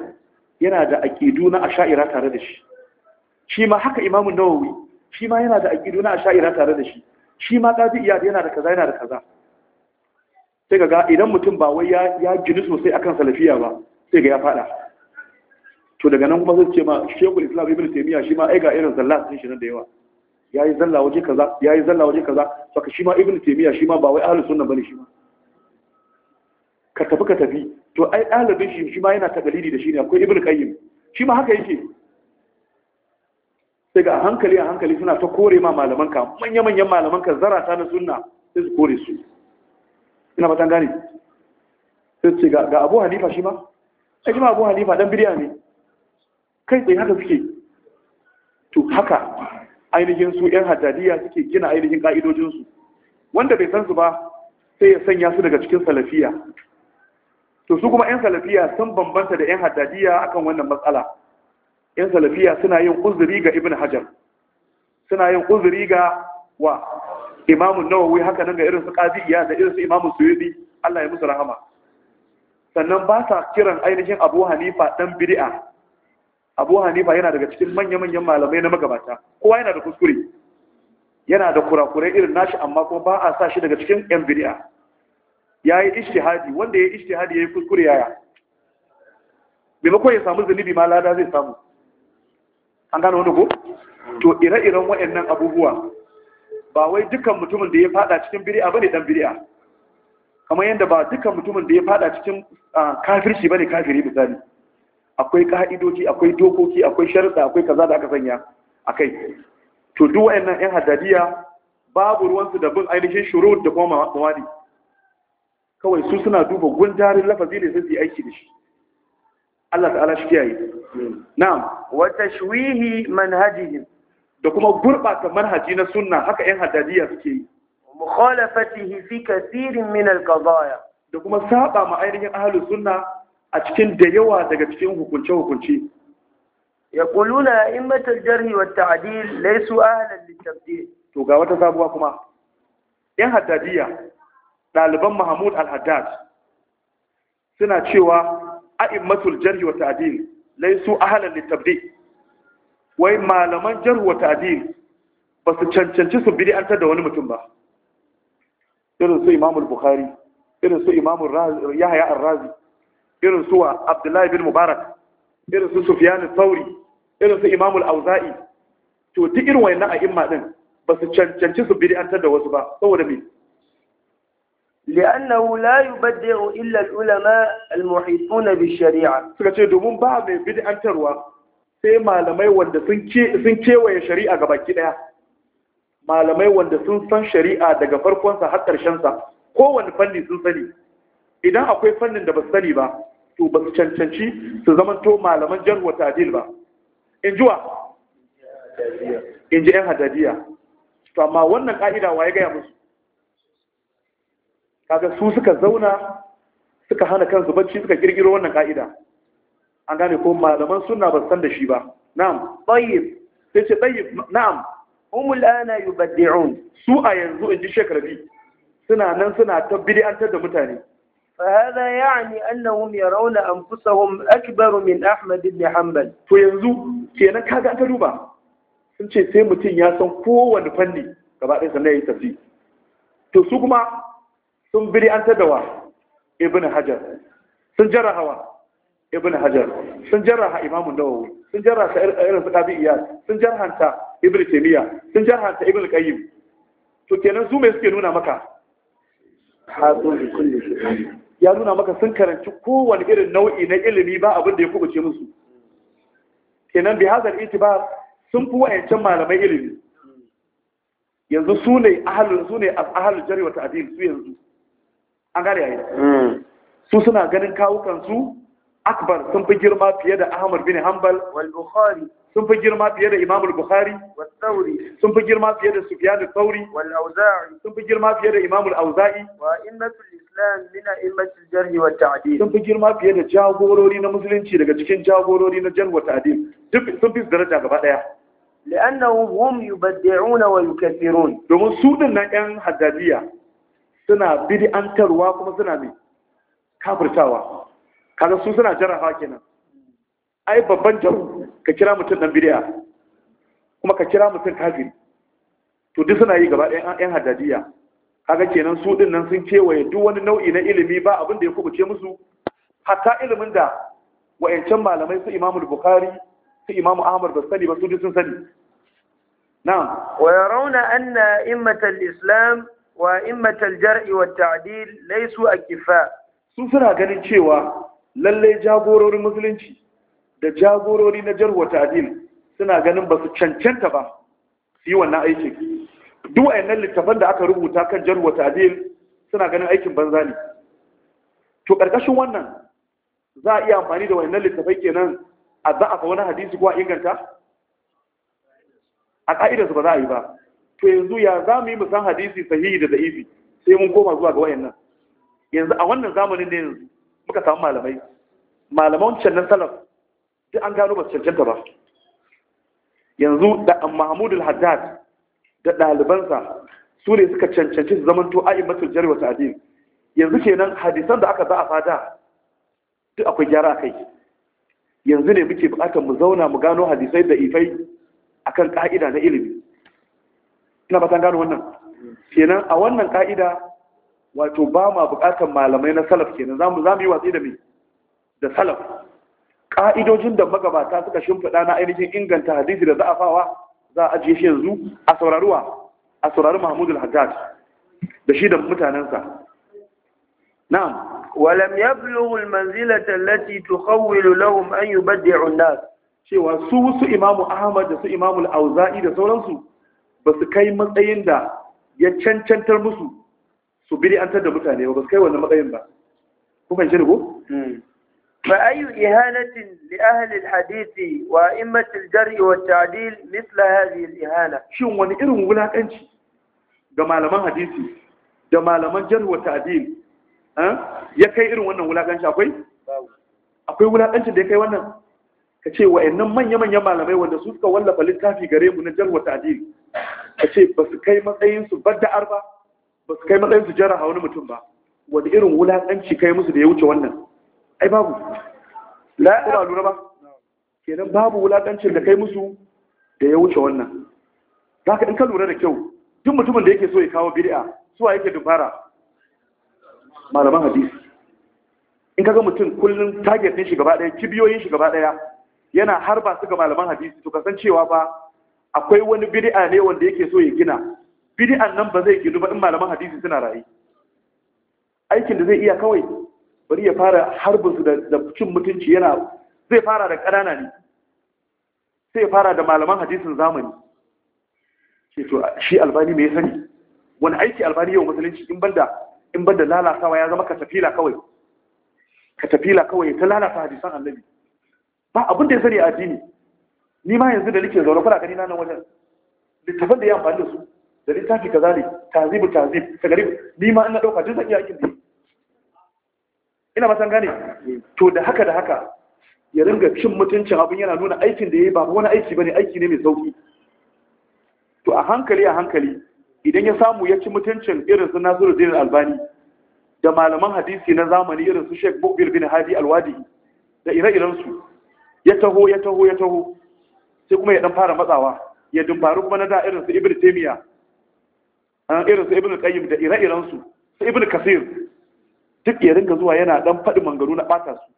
yana da aqidu na asha'ira tare da shi shi ma haka imamu nawawi shi ma yana da aqidu na asha'ira tare da shi shi ma kazi yana da kaza yana da kaza sai ga idan mutum ba wai ya ya jinu sosai akan salafiya ba sai ga ya fada to daga nan kuma zai ce ma shekul islam ibn taymiya shi ma ai ga irin zalla sun shi nan da yawa yayi zalla waje kaza yayi zalla waje kaza saka shi ma ibn taymiya shi ma ba wai ahlus sunna bane shi ma ka tafi ka tafi to ai dalibin shi shi ma yana ta dalili da shi ne akwai ibn qayyim shi ma haka yake sai ga hankali a hankali suna ta kore ma malaman ka manya manyan malaman ka zarata na sunna sai su kore su ina fatan gane sai ce ga abu hanifa shi ma sai shi ma abu hanifa dan biriya ne kai tsaye haka suke to haka ainihin su 'yan hajjadiya suke gina ainihin ƙa'idojinsu wanda bai san su ba sai ya sanya su daga cikin salafiya to su kuma 'yan salafiya sun bambanta da 'yan haddadiya akan wannan matsala 'yan salafiya suna yin uzuri ga ibn hajar suna yin uzuri ga wa imamun nawawi haka nan ga irin su qadiyya da irin su imamun suyudi Allah ya musu rahama sannan ba sa kiran ainihin abu hanifa dan bid'a abu hanifa yana daga cikin manya-manyan malamai na magabata kowa yana da kuskure yana da kurakurai irin nashi amma kuma ba a sa shi daga cikin yan bidiya ya yi ishtihadi wanda ya yi ishtihadi ya yi kuskure yaya maimakon ya samu zunubi ma lada zai samu an gano wani ko to ire-iren wa'annan abubuwa ba wai dukkan mutumin da ya fada cikin ba bane dan bidiya kamar yadda ba dukkan mutumin da ya fada cikin ah, kafirci bane kafiri misali akwai ka'idoji akwai dokoki akwai sharuɗa akwai kaza da aka sanya akai to duk wayannan ƴan hadadiya babu ruwansu da bin ainihin shuruud da kuma mawadi kawai su suna duba gundarin lafazi ne sai aiki da shi Allah ta'ala shi kiyaye na'am wa tashwihi manhajihim da kuma gurbata manhaji na sunna haka ƴan haddadiya suke yi mukhalafatihi fi kathirin min al-qadaya da kuma saba ma ainihin ahlus sunna a cikin da yawa daga cikin hukunce-hukunce يقولون أئمة الجرح laisu ليسوا أهلا للتبديل to ga wata sabuwa kuma yan haddadiya ɗaliban Mahmud al-Haddad suna cewa a in a'immatul jarh wa ta'dil laisu ahlan litabdi wai malaman jarh wa ta'dil ba su cancanci su antar da wani mutum ba irin su Imamul bukhari irin su Imam Yahya ar-Razi irin suwa abdullahi bin mubarak irin su sufyan sauri irin su imamul auza'i to duk irin wayannan a'imma din ba su cancanci su bid'antar da wasu ba saboda me لأنه لا يبدع إلا العلماء المحيطون بالشريعة suka ce domin ba mai bid'antarwa sai malamai wanda sun sun kewaye shari'a gabaki daya malamai wanda sun san shari'a daga farkonsa har sa, kowanne fanni sun sani idan akwai fannin da ba sani ba to ba su cancanci su to malaman wa tadil ba in jiwa in ji 'yan hadadiya to amma wannan ka'ida waye gaya musu kaga su suka zauna suka hana kansu bacci suka girgiro wannan ka'ida an gane ko malaman sunna ba san da shi ba na'am tayyib sai ce tayyib na'am hum al'ana yubaddi'un su a yanzu in ji shekarabi suna nan suna ta bid'antar da mutane فهذا يعني أنهم يرون أنفسهم أكبر من أحمد بن حنبل فينزو كينا كاغا كدوبا sun ce sai mutum ya san kowane fanni gaba ɗaya sannan ya yi tafi to su kuma sun biri an tadawa ibn hajar sun jara hawa ibn hajar sun jara ha imamun nawawi sun jara ta irin su qabi iyas sun jarhanta ibn taymiya sun jarhanta ibn qayyim to kenan su me suke nuna maka hazo bi kulli shay'in ya nuna maka sun karanci kowane irin nau'i na ilimi ba abin da ya kubuce musu kenan bi hazar ba? sun fi wayancan malamai ilimi yanzu su ne ahalun su ne ahalun jari wa ta'dil su yanzu an gane yayi hmm. su suna ganin kawukan su akbar sun fi girma fiye da ahmad bin hanbal wal bukhari sun fi girma fiye da imam al-bukhari wal thawri sun fi girma fiye da sufyan al-thawri wal auza'i sun fi girma fiye da imam al-auza'i wa innatul الإسلام من أئمة الجرح والتعديل sun fi girma fiye da jagorori na musulunci daga cikin jagorori na jan ta'dil duk sun fi daraja gaba daya لأنهم هم يبدعون ويكثرون domin su din nan ƴan haddadiya suna bid'antarwa kuma suna mai kafirtawa kada su suna jarrafa kenan ai babban jaru ka kira mutum dan bid'a kuma ka kira mutum kafiri to duk suna yi gaba ɗaya ƴan haddadiya kaga kenan su din nan sun kewaye duk wani nau'i na ilimi ba abin da ya kubuce musu hatta ilimin da wa'ancan malamai su Imam Bukhari su Imam Ahmad ba sani ba su sun sani na'am wa yarawna anna immatal islam wa immatal jar'i wa ta'dil laysu akifa su suna ganin cewa lalle jagororin musulunci da jagorori na jarwa ta'dil suna ganin ba su cancanta ba su yi wannan aikin duk wayannan littafan da aka rubuta kan jarwa ta'dil suna ganin aikin banza ne to karkashin wannan za a iya amfani da wayannan littafai kenan a za'afa wani hadisi ko a inganta a ka'idarsu ba za a yi ba to yanzu ya za mu yi musan hadisi sahihi da da'ifi sai mun koma zuwa ga wayannan yanzu a wannan zamanin ne yanzu muka samu malamai malaman cannan salaf duk an gano ba su cancanta ba yanzu da mahmud al-haddad da ɗalibansa su ne suka cancanci su zamanto masu jari wa ta'dil yanzu kenan hadisan da aka za a fada duk akwai gyara kai yanzu ne muke bukatar mu zauna mu gano hadisai da ifai akan ka'ida na ilimi ina ba gano wannan kenan a wannan ka'ida wato ba ma bukatar malamai na salaf kenan zamu zamu yi watsi da me da salaf ka'idojin da magabata suka shimfiɗa na ainihin inganta hadisi da za'afawa za a ajiye shi yanzu a sauraruwa a saurari mahmudu al hajjaj da shi da mutanensa na'am walam yablughu al-manzilata allati tukhawwilu lahum an yubaddi'u an-nas cewa su su imamu ahmad da su imamu al-auza'i da sauransu ba su kai matsayin da ya cancantar musu su bi'antar da mutane ba su kai wannan matsayin ba shi ko hmm. فأي إهانة لأهل الحديث وأئمة الجرء والتعديل مثل هذه الإهانة شو وان إرم ولا كنشي جمع لما حديثي جمع لما جرء والتعديل ها يكي إرم وانا ولا كنشي أكوي أكوي ولا كنشي دي كي وانا kace wayannan manya-manyan malamai wanda su suka wallafa littafi gare mu na jarwa ta'dil kace ba su kai matsayin su badda'ar ba ba su kai matsayin su jara wani mutum ba wanda irin wulakanci kai musu da ya wuce wannan ai babu la ba lura ba kenan babu wulakancin da kai musu da ya wuce wannan zaka in ka lura da kyau duk mutumin da yake so ya kawo bid'a suwa yake dubara malaman hadisi in ka ga mutum kullum target din shi gaba daya kibiyoyin shi gaba daya yana harba su ga malaman hadisi to kasan cewa ba akwai wani bid'a ne wanda yake so ya gina bid'an nan ba zai ginu ba in malaman hadisi suna rayu aikin da zai iya kawai bari ya fara harbin su da cin mutunci yana zai fara da ƙanana ne sai ya fara da malaman hadisin zamani ce to shi albani me ya sani wani aiki albani yau musulunci in banda in banda lalasawa ya zama katafila kawai katafila kawai ta lalata hadisan annabi ba abin da ya sani a addini ni ma yanzu da nake zaune kuna gani na nan wajen littafin da ya amfani da su da littafi kaza ne tazibu tazib ta gari ni ma ina dauka duk zan iya aikin da ina matan gane to da haka da haka ya ringa cin mutuncin abin yana nuna aikin da ya yi ba wani aiki ba ne aiki ne mai sauki to a hankali a hankali idan ya samu ya ci mutuncin irin su nasiru zai albani da malaman hadisi na zamani irin su sheik bukbir bin hadi alwadi da ire-irensu ya taho ya taho ya taho sai kuma ya dan fara matsawa ya dumbaru kuma na da irin su ibn taymiya eh, irin su ibn Kayyim da ire-irensu su ibn kasir duk ya rinka zuwa yana dan faɗi mangaru na ɓata su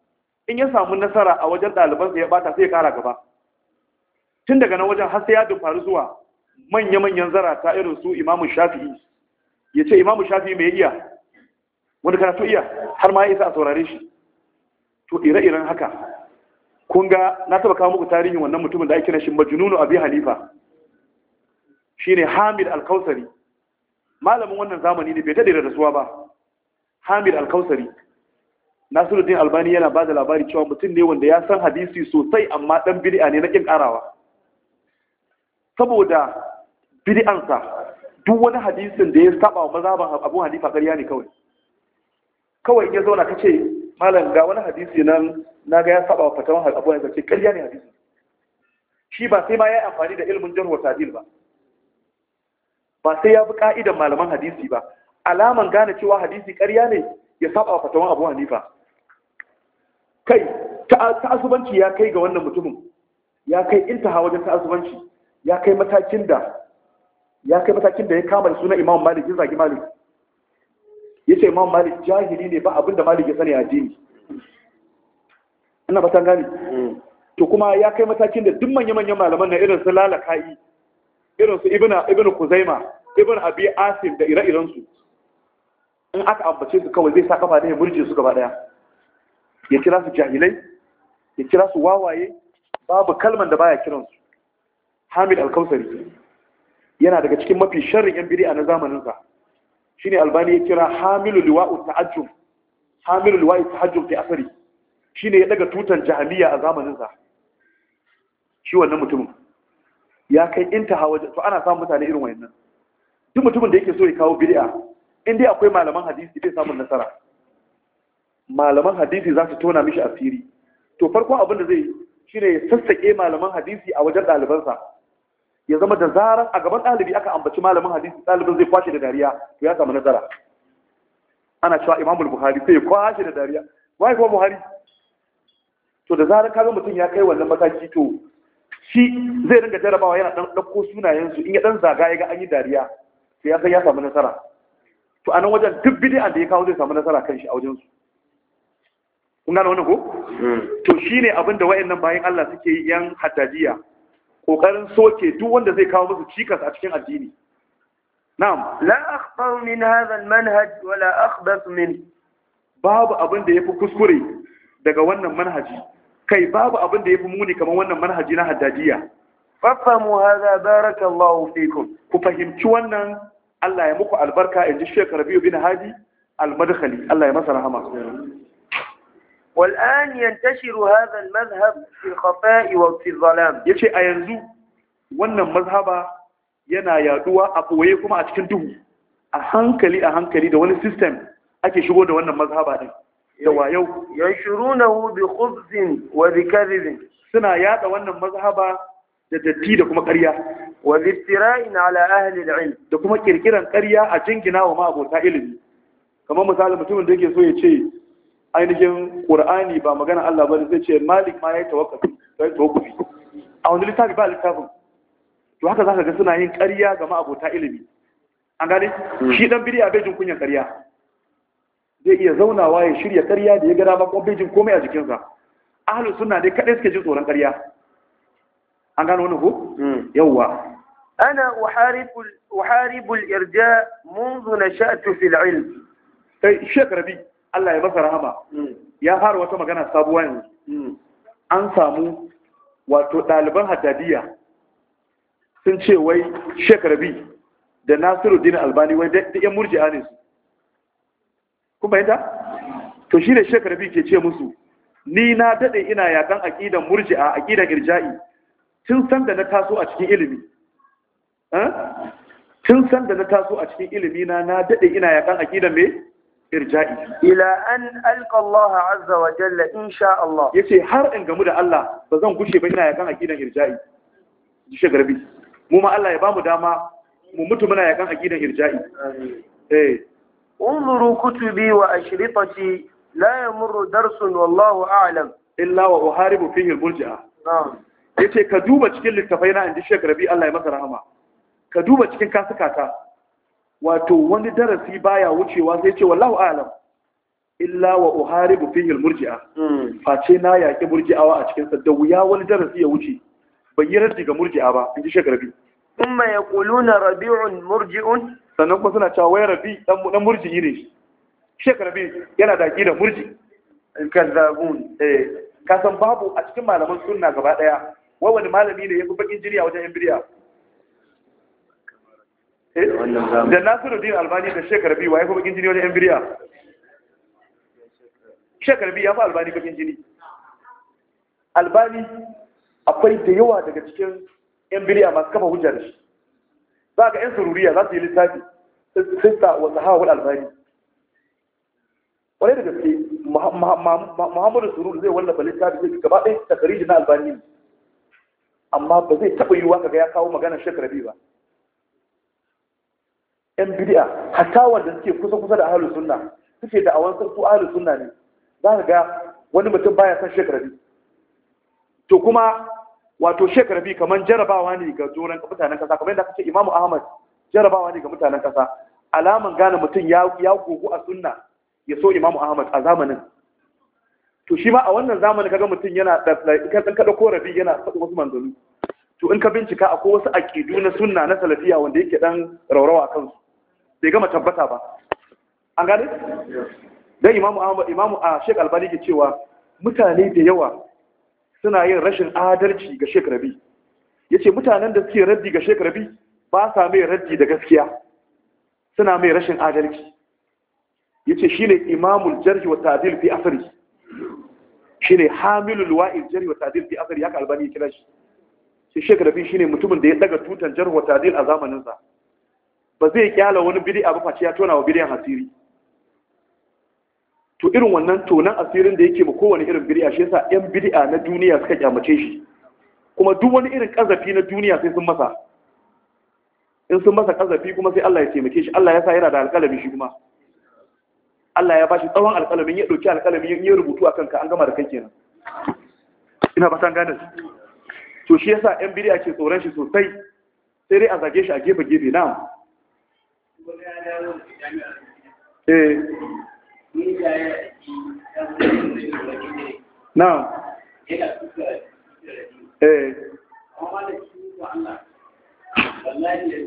in ya samu nasara a wajen ɗalibansa ya ɓata sai ya ƙara gaba tun daga nan wajen har sai ya dumfari zuwa manya-manyan zarata irin su imamu shafi'i ya ce imamu shafi'i mai iya wani karatu iya har ma ya isa a saurare shi to ire-iren haka kun ga na taba kawo muku tarihin wannan mutumin da ake kira shi majnunu abi halifa shine hamid alkausari malamin wannan zamani ne bai daɗe da rasuwa ba hamid alkausari nasiruddin albani yana ba da labari cewa mutum ne wanda ya san hadisi sosai amma dan bid'a ne na kin karawa saboda sa duk wani hadisin da ya saba wa mazhaban abu hanifa ƙarya ne kawai kawai in ya zauna ka ce malam ga wani hadisi nan na ga ya saba wa fatawan abu hanifa ce ƙarya ne hadisi shi ba sai ma ya amfani da ilimin jarh wa ba ba sai ya bi ka'idan malaman hadisi ba alaman gane cewa hadisi ƙarya ne ya saba wa fatawan abu hanifa kai ta'asubanci ya kai ga wannan mutumin ya kai intaha wajen ta'asubanci ya kai matakin da ya kai matakin da ya kama da suna imam malik ya zagi malik ya ce imam malik jahili ne ba abinda malik ya sani a jini ina fatan gani hmm. to kuma ya kai matakin da duk manya-manyan malaman na irin su lalaka'i irin su ibn kuzaima ibn abi asim da ire-irensu in aka ambace su kawai zai sa kafa ne murje su gaba daya ya kira su jahilai ya kira su wawaye babu kalman da baya kiran su Hamid alkausari yana daga cikin mafi sharrin yan a na zamanin sa shine Albani ya kira Hamilu liwa'u ta'ajjum Hamilu liwa'u ta'ajjum fi asari shine ya daga tutan jahiliya a zamanin sa shi wannan mutumin ya kai intaha waje to ana samun mutane irin wayannan duk mutumin da yake so ya kawo bid'a in akwai malaman hadisi zai samun nasara malaman hadisi za su tona mishi asiri to farkon abin da zai shine ya sassaƙe malaman hadisi a wajen ɗalibansa ya zama da zarar a gaban ɗalibi aka ambaci malamin hadisi ɗalibin zai kwashe da dariya to ya samu nasara ana cewa imamul buhari sai ya kwashe da dariya wai kuma buhari to da zarar kaga mutum ya kai wannan mataki to shi zai dinga jarabawa yana dan dauko sunayen su in ya dan zaga ya ga an yi dariya to ya san ya samu nasara to anan wajen duk bid'an da ya kawo zai samu nasara kan shi a wajen su kun gane wannan ko hmm. to shine abinda da wayannan bayan Allah suke yi yan hadajiya kokarin soke duk wanda zai kawo musu cikas a cikin addini na'am la akhbar min hadha manhaj wala akhbath min babu abin da yafi kuskure daga wannan manhaji kai babu abin da yafi muni kamar wannan manhaji na haddadiya fafamu hadha barakallahu fikum ku fahimci wannan Allah ya muku albarka in ji Sheikh biyu, bin haji al Allah ya masa rahama والآن ينتشر هذا المذهب في الخفاء وفي Ya ce a yanzu wannan mazhaba yana yaduwa a koye kuma a cikin duhu a hankali a hankali da wani system ake shigo da wannan mazhaba din da wayau yashurunahu bi khubzin wa bi suna yada wannan mazhaba da datti da kuma ƙarya wa ziftira'in ala ahli da ilm da kuma kirkiran ƙarya a jingina wa ma'abota ilimi kamar misali mutumin da yake so ya ce ainihin Qur'ani ba magana Allah bane zai ce Malik ma ya yi ya yi tawakkufi a wani littafi ba littafin to haka za ka ga suna yin ƙarya ga ma'abota ilimi an gane hmm. shi dan bid'a a bejin kunyan ƙarya zai iya zaunawa ya shirya ƙarya da ya gara ba kuma bejin komai a jikinsa ahlus suna dai kaɗai suke jin tsoron ƙarya an gano wannan ko hmm. yawwa ana uharibu uharibu al-irja منذ نشأت في العلم kai Sheikh Allah ya masa rahama mm. ya fara wata magana sabuwa yanzu mm. an samu wato ɗaliban haddadiya sun ce wai Sheikh da nasiru dina Albani wai da ƴan murji'a ne su kun bayyana to shi ne Sheikh Rabi ke ce musu ni na daɗe ina yakan aqidan murji'a aƙidan irja'i tun san da na taso a cikin ilimi eh? tun san da na taso a cikin ilimi na na dade ina yakan aqida mai irja'i ila an alqa Allah azza wa jalla insha Allah yace har in gamu da Allah ba zan gushe ba ina yakan aqidan irja'i dishe garbi mu ma Allah ya bamu dama mu mutu muna yakan aqidan irja'i eh انظروا كتبي واشرطتي لا wallahu درس والله wa الا واحارب فيه المرجئه نعم Ya ce ka duba cikin littafai na inji Sheikh biyu Allah ya masa rahama ka duba cikin kasukata wato wani darasi baya wucewa sai ce wallahu a'lam illa wa uharibu fihi almurji'a hmm. face na yaki murji'awa a cikin sa da wuya wani darasi ya wuce bai yi raddi ga murji'a ba inji Sheikh Rabi thumma yaquluna rabi'un murji'un sannan kuma suna cewa wai rabi dan dan murji'i ne Sheikh biyu yana da da murji kazzabun eh kasan babu a cikin malaman sunna gaba daya wai wani malami ne ya fi bakin jiri a wajen imbiriya biriya eh? da nasiruddin albani da shekar biyu wa ya fi bakin jiri wajen imbiriya biriya shekar biyu ya fi albani bakin jiri albani akwai da yawa daga cikin imbiriya biriya masu kafa hujja da shi za ga yan sururiya za su yi littafi sista wa sahawar albani wani da gaske muhammadu Sururu zai wallafa littafi zai gaba ɗaya takarijin na albani ne amma ba zai taɓa yiwuwa kaga ya kawo maganar shekarabi ba yan bidiya hatta wanda suke kusa kusa da ahlus sunna suke da awan su ahlus sunna ne za ka ga wani mutum baya son shekarabi. to kuma wato shekarabi kamar jarabawa ne ga doron mutanen kasa kamar yadda aka ce imamu ahmad jarabawa ne ga mutanen kasa alaman gane mutum ya gogu a sunna ya so imamu ahmad a zamanin to shi ma a wannan zamanin kaga mutum yana ka ɗan kada korafi yana faɗi wasu manzanni to in ka bincika akwai wasu aƙidu na suna na salafiya wanda yake ɗan raurawa kansu bai gama tabbata ba an gane dan imamu ahmad imamu a ah, sheikh albani ke cewa mutane da yawa suna yin rashin adalci ga sheikh rabi yace mutanen da suke raddi ga sheikh rabi ba sa mai raddi da gaskiya suna mai rashin adalci yace shine imamul jarhi wa ta'dil fi asri Shi ne hamilul wa'il jari wa ta'dil fi asari haka albani ya kira shi shi shek shi shine mutumin da ya daga tutan jari wa ta'dil a zamaninsa. ba zai kyala wani bid'a ba face ya tona wa bid'an asiri to irin wannan tonan asirin da yake ba kowane irin bid'a shi yasa yan bid'a na duniya suka kyamace shi kuma duk wani irin kazafi na duniya sai sun masa in sun masa kazafi kuma sai Allah ya taimake shi Allah ya sa yana da alƙalami shi kuma Allah ya bashi tsawon alƙalamin ya ɗauki alƙalamin ya rubutu a kanka an gama da kai kenan ina fatan gane su to shi yasa yan bidiya ke tsoron shi sosai sai dai a zage shi a gefe gefe na eh na eh wallahi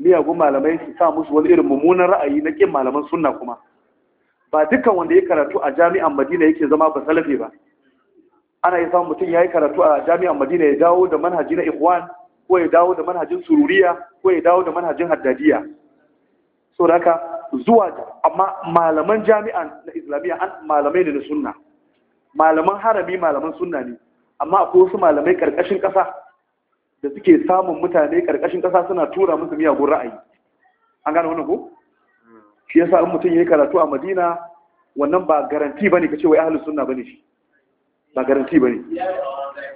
miyagun malamai su sa musu wani irin mummunan ra'ayi na kin malaman sunna kuma ba dukkan wanda ya karatu a jami'an madina yake zama ba salafi ba ana yi samun mutum ya yi karatu a jami'an madina ya dawo da manhaji na ikhwan ko ya dawo da manhajin sururiya ko ya dawo da manhajin haddadiya so da haka zuwa amma malaman jami'an na islamiyya an malamai ne na sunna malaman harami malaman sunna ne amma akwai wasu malamai karkashin kasa da suke samun mutane ƙarƙashin ƙasa suna tura musu miyagun ra'ayi an gane wani ko shi yasa in mutum ya yi karatu a madina wannan ba garanti ba ne ka ce wai ahalus sunna ba ne shi ba garanti ba ne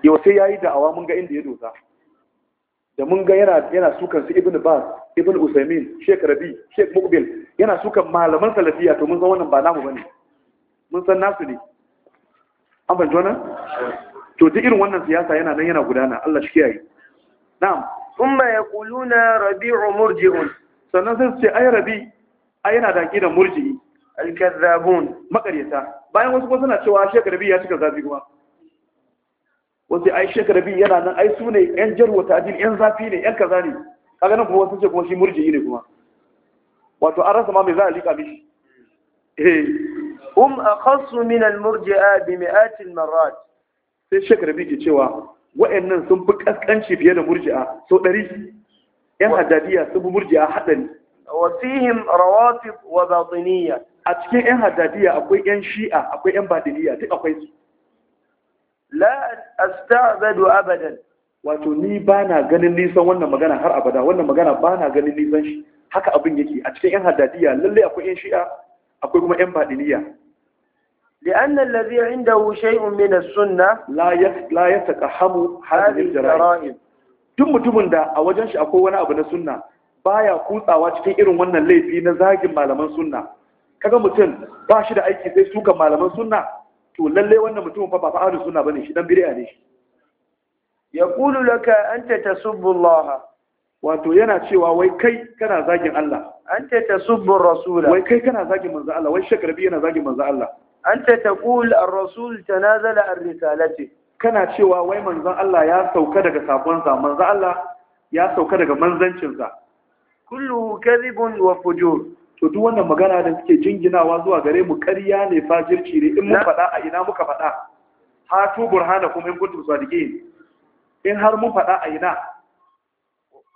yau sai ya yi da'awa mun ga inda ya dosa da mun ga yana sukan su ibn bas ibn usaimin sheik rabi sheik mukbil yana sukan malaman salafiya to mun san wannan ba namu ba ne mun san nasu ne an fahimci nan? to duk irin wannan siyasa yana nan yana gudana allah shi kiyaye na'am Kulu na rabi'u murji'un sannan sai ce ai rabi ai yana da murji'i al makaryata bayan wasu ko suna cewa shek rabi ya cika zafi kuma wasu ai shek rabi yana nan ai su ne yan jarwa ta'dil yan zafi ne yan kaza ne kaga nan kuma wasu ce kuma shi murji'i ne kuma wato an rasa ma mai za a lika mishi eh um akhassu min al-murji'a bi mi'atin marrat sai shek rabi ke cewa wa'annan sun fi kaskanci fiye da murji'a so ɗari yan hadadiya sun fi murji'a haɗari wasihim rawatib wa batiniya a cikin yan hadadiya akwai yan shi'a akwai yan batiniya duk akwai su la astazadu abadan wato ni ba na ganin nisan wannan magana har abada wannan magana ba na ganin nisan shi haka abin yake a cikin yan hadadiya, lalle akwai yan shi'a akwai kuma yan batiniya لأن الذي عنده شيء من السنة لا لا يتقحم هذه الجرائم duk mutumin da a wajen shi akwai wani abu na sunna baya kutsawa cikin irin wannan laifi na zagin malaman sunna kaga mutum ba shi da aiki sai suka malaman sunna to lalle wannan mutumin fa ba fa ahlus sunna bane shi dan bid'a ne shi yaqulu wato yana cewa wai kai kana zagin Allah anta tasubbu rasula wai kai kana zagin manzo Allah wai shakarbi yana zagin manzo Allah anta taqul ar-rasul tanazala an risalati kana cewa wai manzon Allah ya sauka daga sabonsa manzon Allah ya sauka daga manzancinsa kullu kadhibun wa fujur to duk wannan magana da suke jinginawa zuwa gare mu karya ne fajirci ne in mun faɗa a ina muka faɗa hatu burhana kuma in kuntum sadiqin in har mun faɗa a ina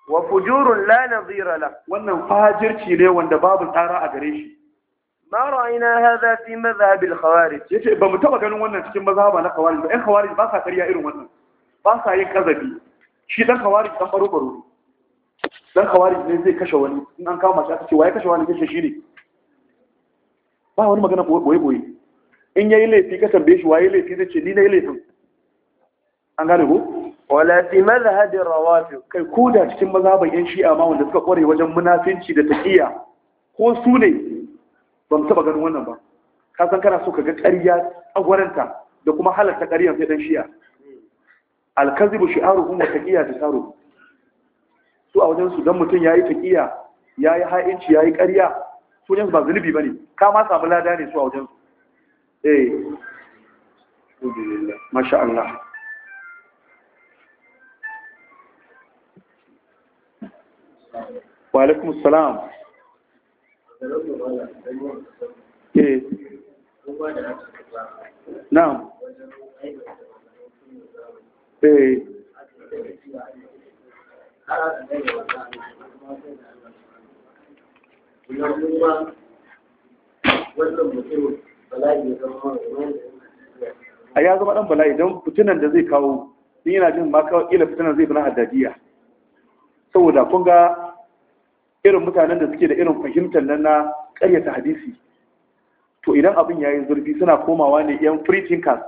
wa fujurun la nadhira la wannan fajirci ne wanda babu tsara a gare shi ma ra'ayna hadha fi madhhab al-khawarij yace ba mu ganin wannan cikin mazhaba na khawarij ba in khawarij ba sa kariya irin wannan ba sa yin kazabi shi dan khawarij dan baro baro dan khawarij ne zai kashe wani in an kama shi aka ce waye kashe wani kashe shi ne ba wani magana boye boye in yayi laifi ka tambaye shi waye laifi zai ce ni na yi laifin an gane ko wala fi madhhabi rawafid kai ko da cikin mazhaban yan shi'a ma wanda suka kware wajen munafinci da taqiya ko su ba mu taba ganin wannan ba ka san kana so ka ga ƙarya tsagwaranta da kuma halarta ƙaryar sai dan shiya alkazibu ta wa ta taro. su a wajen su don mutum yayi ya yi ha'inci ya yi ƙarya su yanzu ba zunubi ba ne. ka ma samu lada ne su a wajen su eh masha Allah wa alaikum assalam Eh. Eh. a ya zama ɗan bala'i don fitinan da zai kawo ni yana jin ma kawo ila fitinan zai na haddadiya saboda kun ga irin mutanen da suke da irin fahimtar nan na ƙaryata hadisi to idan abin ya yi zurfi suna komawa ne yan free thinkers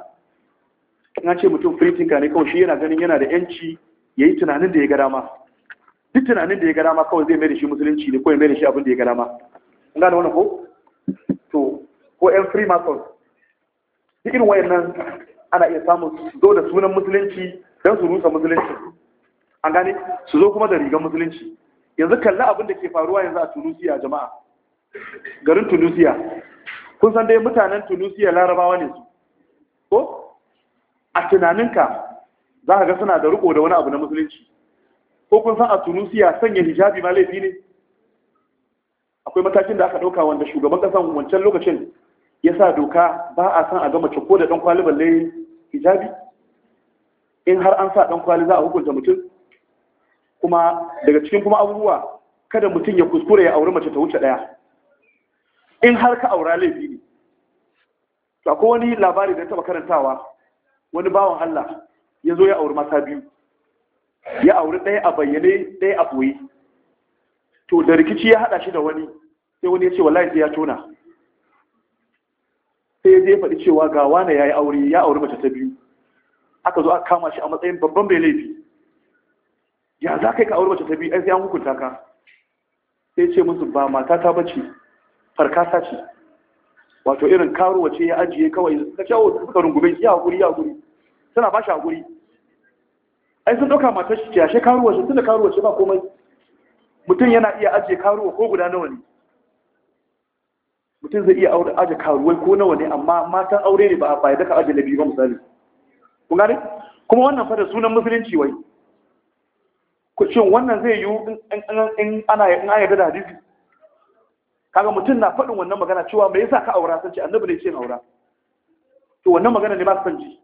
na ce mutum free thinker ne kawai shi yana ganin yana da yanci ya yi tunanin da ya ga dama duk tunanin da ya ga dama kawai zai mai da shi musulunci ne ko ya mai da shi abin da ya ga dama an gane wannan ko to ko yan free masons duk irin wayannan ana iya samun su zo da sunan musulunci don su rusa musulunci an gane su zo kuma da rigar musulunci yanzu kalli abin da ke faruwa yanzu a tunisiya jama'a garin tunisiya kun san dai mutanen tunisiya larabawa ne su ko a tunaninka za ka ga suna da riko da wani abu na musulunci ko kun san a tunisiya sanya hijabi ma laifi ne akwai matakin da aka ɗauka wanda shugaban ƙasan wancan lokacin ya sa doka ba a san a ga mace ko da ɗan kwali balle hijabi in har an sa ɗan kwali za a hukunta mutum kuma daga cikin kuma abubuwa kada mutum ya kuskure ya auri mace ta wuce daya in har ka aura laifi ne to akwai wani labari da taɓa karantawa wani bawan Allah ya zo ya auri mata biyu ya auri ɗaya a bayyane daya a boye to da rikici ya haɗa shi da wani sai wani ya ce wallahi sai ya tona sai ya faɗi cewa ga wani ya yi aure ya auri mace ta biyu aka zo aka kama shi a matsayin babban mai laifi ya za ka yi ka aure mace ta biyu ai sai an hukunta ka sai ce musu ba mata ta bace farkasa ce wato irin karuwa wacce ya ajiye kawai suka ce wa suka rungume ya hakuri ya hakuri suna ba shi hakuri ai sun ɗauka mata shi ce ashe karuwa wacce tunda karuwa wacce ba komai mutum yana iya ajiye karuwa ko guda nawa ne mutum zai iya aure aje karuwai ko nawa ne amma matan aure ne ba a bayyana daka aje na biyu ba misali kun gane kuma wannan fa da sunan musulunci wai kucin wannan zai yiwu in ana da hadisi kaga mutum na faɗin wannan magana cewa me yasa ka aura sun ce annabi ne ce aura to wannan magana ne ma san ji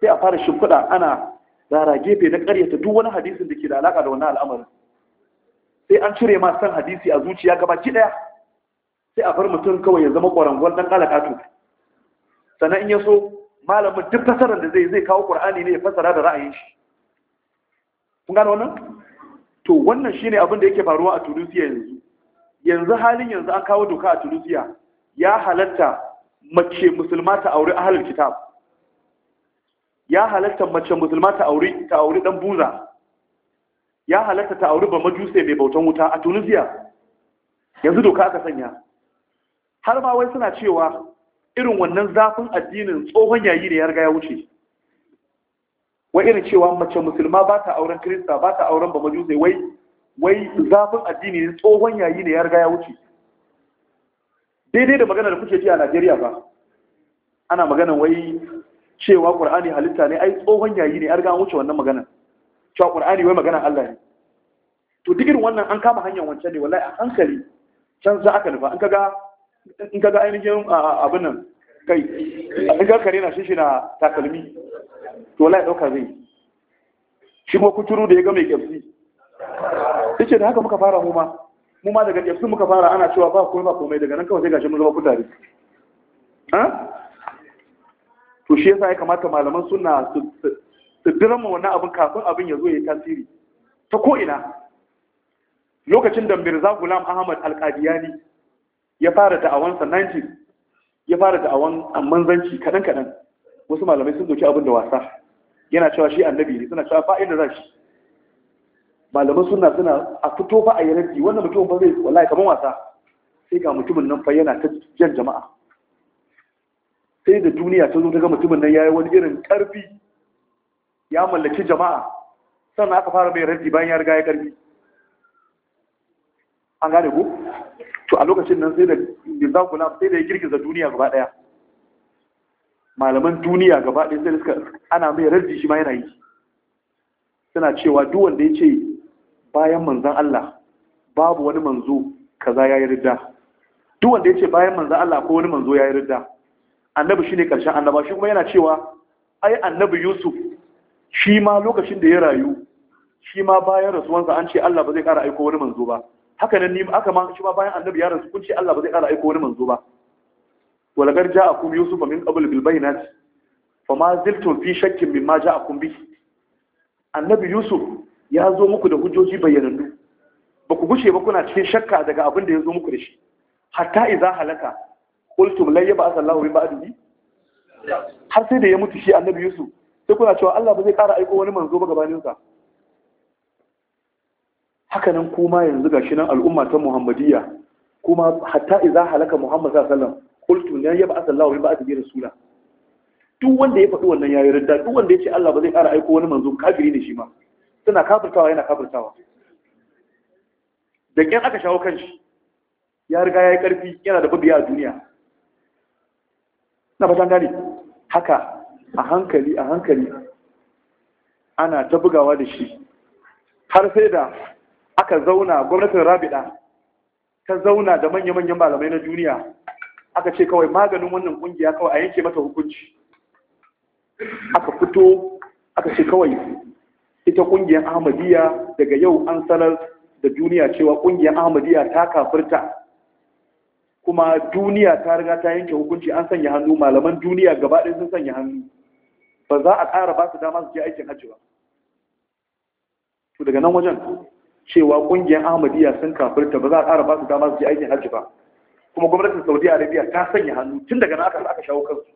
sai a fara shimfiɗa ana zara gefe na ƙaryata duk wani hadisin da ke da alaƙa da wannan al'amarin sai an cire ma san hadisi a zuciya gaba ki ɗaya sai a bar mutum kawai ya zama ƙwarangwal ɗan alaƙa sannan in ya so malamin duk fasarar da zai zai kawo ƙur'ani ne ya fasara da ra'ayin shi kun gano wannan to wannan shine abin da yake faruwa a tunisia yanzu yanzu halin yanzu an kawo doka a tunisia ya halatta mace musulma ta aure ahlul kitab ya halatta mace musulma ta aure ta aure dan buza ya halatta ta aure ba majuse mai bautan wuta a tunisia yanzu doka aka sanya har ma wai suna cewa irin wannan zafin addinin tsohon yayi ne ya riga ya wuce wai irin cewa mace musulma ba ta auren kirista ba ta auren bamajusai wai wai zafin addini ne tsohon yayi ne ya riga ya wuce daidai da magana da kuke ji a Najeriya ba ana magana wai cewa Qur'ani halitta ne ai tsohon yayi ne ya riga an wuce wannan magana cewa Qur'ani wai magana Allah ne to duk irin wannan an kama hanyar wancan ne wallahi a hankali can za aka nufa in kaga in kaga ainihin abin nan kai in ga kare na shi shi na takalmi to la dauka zai shi kuma kuturu da ya ga mai kyafsi yace da haka muka fara mu ma mu ma daga kyafsi muka fara ana cewa ba komai ba komai daga nan kawai sai gashi mun zama kutare ha to shi yasa ya kamata malaman suna su dirama wannan abin kafin abin ya zo ya yi tasiri ta ko ina lokacin da Mirza Gulam Ahmad Al-Qadiyani ya fara da'awansa 90 ya fara da'awan manzanci kadan kadan wasu malamai sun doki abin da wasa yana cewa shi annabi ne suna cewa fa'in da rashi malamai suna suna a fito fa a yarabi wannan mutumin ba zai wallahi kamar wasa sai ga mutumin nan fa yana ta jan jama'a sai da duniya ta zo ta ga mutumin nan yayi wani irin karfi ya mallaki jama'a sannan aka fara mai rabi bayan ya riga ya karfi an gane ko to a lokacin nan sai da nizam kula sai da ya girgiza duniya gaba daya malaman duniya gaba ɗaya sai suka ana mai raddi shi ma yana yi suna cewa duk wanda ya ce bayan manzan Allah babu wani manzo kaza ya yi ridda duk wanda ya ce bayan manzan Allah ko wani manzo ya yi ridda annabi shi ne ƙarshen annaba shi kuma yana cewa ai annabi yusuf shi ma lokacin da ya rayu shi ma bayan rasuwansa an ce Allah ba zai ƙara aiko wani manzo ba haka nan ni aka ma shi ma bayan annabi ya rasu kun ce Allah ba zai ƙara aiko wani manzo ba a kuma yusuf min na ci fa fama ziltum fi shakkin min ma a kun bi annabi yusuf ya zo muku da hujjoji bayyanannu ba ku gushe ba kuna cikin shakka daga abin da ya zo muku da shi hatta idza halaka qultum la yab'ath sallahu bi ba'dihi har sai da ya mutu shi annabi yusuf sai kuna cewa Allah ba zai ƙara aiko wani manzo ba gabanin sa haka nan kuma yanzu gashi nan al'umma ta Muhammadiyya kuma hatta idza halaka Muhammad sallallahu alaihi wasallam ya yaba asallahu bi ba'd bi rasula duk wanda ya faɗi wannan yayi ridda duk wanda ya ce Allah ba zai ƙara aiko wani manzo kafiri ne shi ma suna kafirtawa yana kafirtawa da ƙyan aka shawo kan shi ya riga ya yi ƙarfi yana da babiya a duniya na fatan gane haka a hankali a hankali ana ta bugawa da shi har sai da aka zauna gwamnatin rabida ta zauna da manya-manyan malamai na duniya aka ce kawai maganin wannan kungiya kawai a yanke mata hukunci aka fito aka ce kawai ita kungiyar ahmadiyya daga yau an sanar da duniya cewa kungiyar ahmadiyya ta kafirta kuma duniya ta riga ta yanke hukunci an sanya hannu malaman duniya gaba ɗaya sun sanya hannu ba za a ƙara ba su dama su je aikin hajji ba to daga nan wajen cewa kungiyar ahmadiyya sun kafirta ba za a ƙara ba su dama su je aikin hajji ba kuma gwamnatin saudi arabia ta sanya hannu tun daga nan aka shawo kansu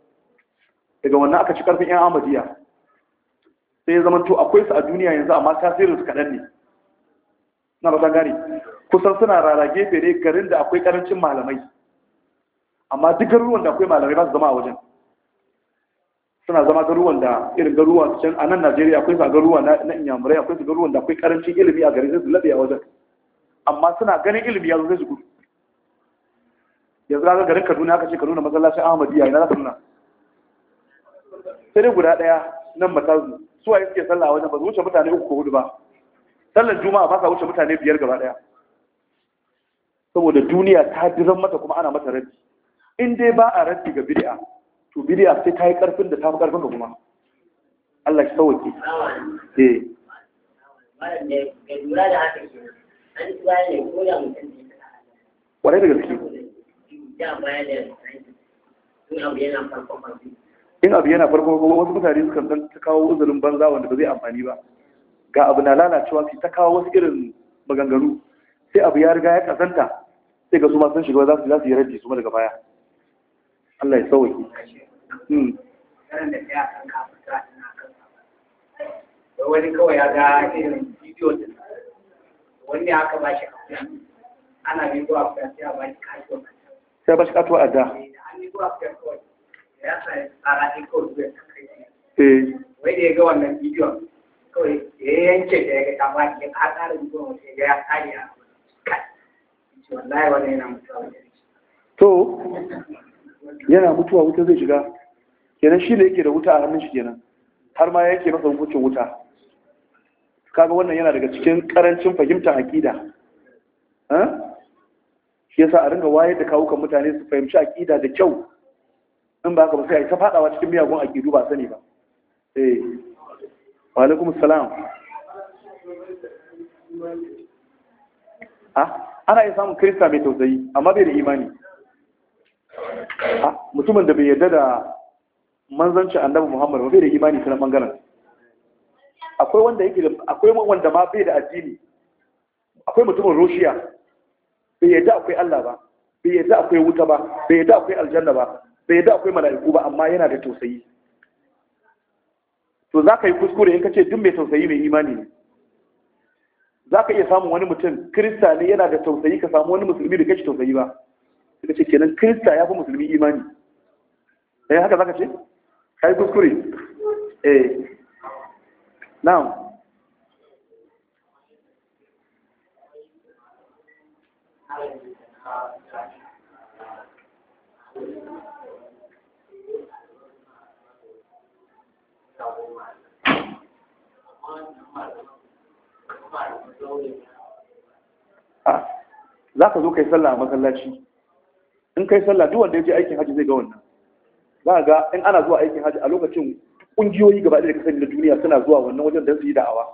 daga wannan aka ci karfin yan amadiya sai ya zama to akwai su a duniya yanzu amma tasirin su kaɗan ne na ba gane kusan suna rara gefe ne garin da akwai karancin malamai amma duk garuruwan da akwai malamai ba su zama a wajen suna zama garuruwan da irin garuruwa can a nan najeriya akwai su a garuruwa na inyamurai akwai su garuruwan da akwai karancin ilimi a garin sai su laɓe a wajen amma suna ganin ilimi ya zo sai su gudu yanzu ga garin Kaduna aka ce Kaduna masallacin Ahmadiyya ina za su nuna sai dai guda ɗaya nan matazu su yi suke sallah wajen ba su wuce mutane uku ko hudu ba sallar juma'a ba sa wuce mutane biyar gaba ɗaya saboda duniya ta dizan mata kuma ana mata rabi in dai ba a rabi ga bid'a to bid'a sai ta yi karfin da ta fi karfin ga kuma Allah ya sauke eh da gaske in abu yana farko kuma wasu mutane sukan san ta kawo uzurin banza wanda ba zai amfani ba ga abu na lalacewa su ta kawo wasu irin maganganu sai abu ya riga ya kasanta sai ga su ma sun shiga za su za su yi rabi su daga baya Allah ya sauke hmm. wani kawai ya ga irin bidiyo Wani wanda aka ba shi ana bidiyo a kusa sai a ba shi kasuwa sai ba shi katuwa a da eh. wai yana mutuwa to yana mutuwa wuta zai shiga kenan shi ne yake da wuta a hannun shi kenan har ma yake masa hukuncin wuta kaga wannan yana daga cikin ƙarancin fahimtar akida eh shi yasa a ringa wayar da kawukan mutane su fahimci aƙida da kyau in ba ka ba sai a yi ta faɗawa cikin miyagun aƙidu ba sani ba eh wa alaikum salam ah, ana iya samun kirista mai tausayi amma bai da imani ah, mutumin da bai yarda da manzancin annabi muhammad ba bai da imani ta bangaren akwai wanda yake akwai wanda ma bai da addini akwai mutumin roshiya bai yadda akwai Allah ba bai yadda akwai wuta ba bai yadda akwai aljanna ba bai yadda akwai mala'iku ba amma yana da tausayi to za ka yi kuskure in ka ce duk mai tausayi mai imani ne za ka iya samun wani mutum kirista ne yana da tausayi ka samu wani musulmi da kashi tausayi ba ka ce kenan kirista ya fi musulmi imani ɗaya eh, haka za ka ce ka yi kuskure eh na'am Ah, za ka zo kai sallah a masallaci in kai sallah duk wanda ya je aikin hajji zai ga wannan za ga in ana zuwa aikin hajji a lokacin kungiyoyi gaba da kasance da duniya suna zuwa wannan wajen don su yi da'awa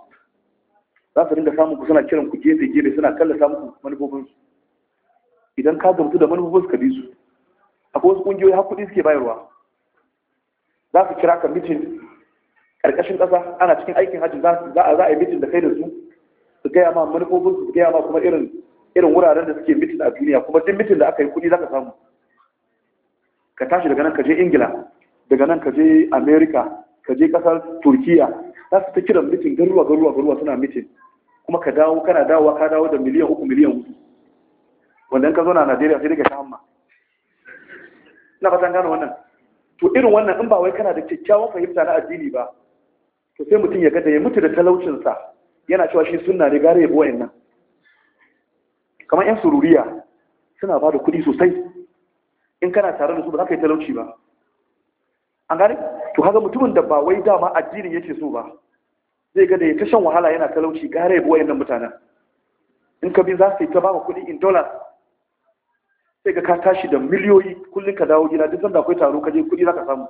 za su dinga samun ku suna kiran ku gefe gefe suna kallasa muku manufofinsu. idan ka zamtu da manufofin ka bi su akwai wasu ƙungiyoyi har kuɗi suke bayarwa za su kira ka mitin ƙarƙashin ƙasa ana cikin aikin hajji za a za a yi mitin da kai da su su gaya ma manufofin su gaya ma kuma irin irin wuraren da suke mitin a duniya kuma duk mitin da aka yi kuɗi za ka samu ka tashi daga nan ka je ingila daga nan ka je america ka je ƙasar turkiya za su ta kiran mitin garuwa garuwa garuwa suna mitin kuma ka dawo kana dawowa ka dawo da miliyan uku miliyan hudu wanda ka zauna na Najeriya sai daga hamma ina fatan gano wannan to irin wannan in ba wai kana da kyakkyawan fahimta na addini ba to sai mutum ya ga da ya mutu da talaucinsa yana cewa shi sunna ne gare yabo wayannan kamar yan sururiya suna ba da kuɗi sosai in kana tare da su ba za ka yi talauci ba an gane to haka mutumin da ba wai dama addinin yake so ba zai ga da ya ta shan wahala yana talauci gare yabo wayannan mutanen in ka bi za su yi ta ba kuɗi in dollars sai ga ka tashi da miliyoyi kullum ka dawo gida duk sanda akwai taro ka je kuɗi zaka samu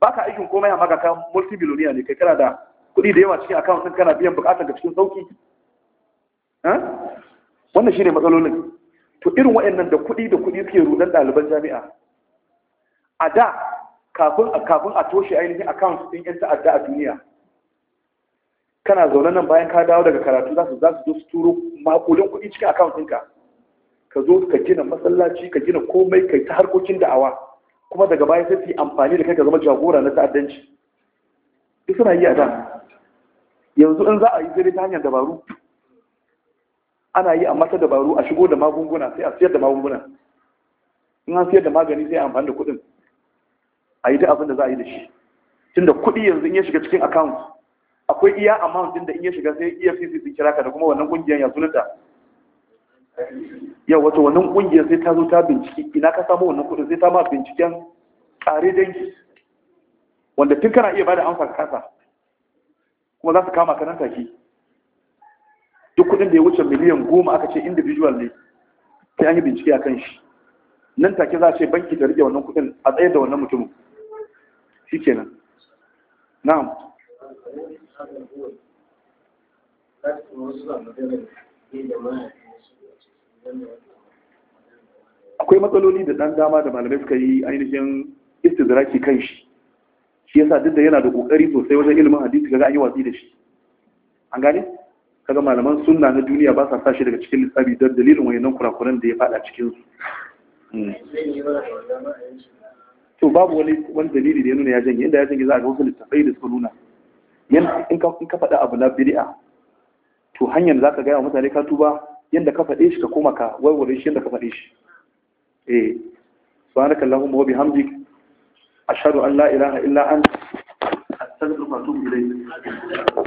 baka aikin komai amma ga ka multi billionaire ne kai kana da kuɗi da yawa cikin account ɗin kana biyan bukatar ka cikin sauki wannan shine matsalolin to irin waɗannan da kuɗi da kuɗi suke rudan ɗaliban jami'a a da kafin kafin a toshe ainihin account ɗin yan ta'adda a duniya kana zaune nan bayan ka dawo daga karatu za su za su zo su turo makulin kuɗi cikin account ɗinka ka zo ka gina masallaci ka gina komai kai ta harkokin da'awa kuma daga baya sai su yi amfani da kai ka zama jagora na ta'addanci duk suna yi a da yanzu in za a yi zai ta hanyar dabaru ana yi a mata dabaru a shigo da magunguna sai a siyar da magunguna in an siyar da magani sai a amfani da kuɗin a yi duk abin da za a yi da shi tunda kuɗi yanzu in ya shiga cikin account akwai iya amount din da in ya shiga sai efcc sun kira ka da kuma wannan ƙungiyar ya sunanta yau wata wannan ƙungiyar sai ta zo ta binciki ina ka samu wannan kudin sai ta ma binciken tsare dangi wanda tun kana iya ba da amsa kasa kuma za su kama ka nan take duk kudin da ya wuce miliyan goma aka ce individual ne sai an yi bincike a kan shi nan take za a ce banki ta rike wannan kudin a tsayar da wannan mutumin shi kenan na'am Thank you. akwai matsaloli da ɗan dama da malamai suka yi ainihin istizraki kan shi shi yasa duk da yana da kokari sosai wajen ilimin hadisi kaga an yi watsi da shi an gane kaga malaman sunna na duniya ba sa sashi daga cikin lissafi don dalilin wayannan kurakuran da ya fada cikin su hmm. to babu wani wani dalili da ya nuna ya janye inda ya janye za a ga wasu littafai da suka nuna in ka faɗa abu na bid'a to hanyar za ka gaya wa mutane ka tuba yadda ka faɗe shi ka koma ka warware shi yadda ka faɗe shi eh subhanaka allahumma wa bihamdik ashhadu an la ilaha illa anta astaghfiruka wa atubu ilayk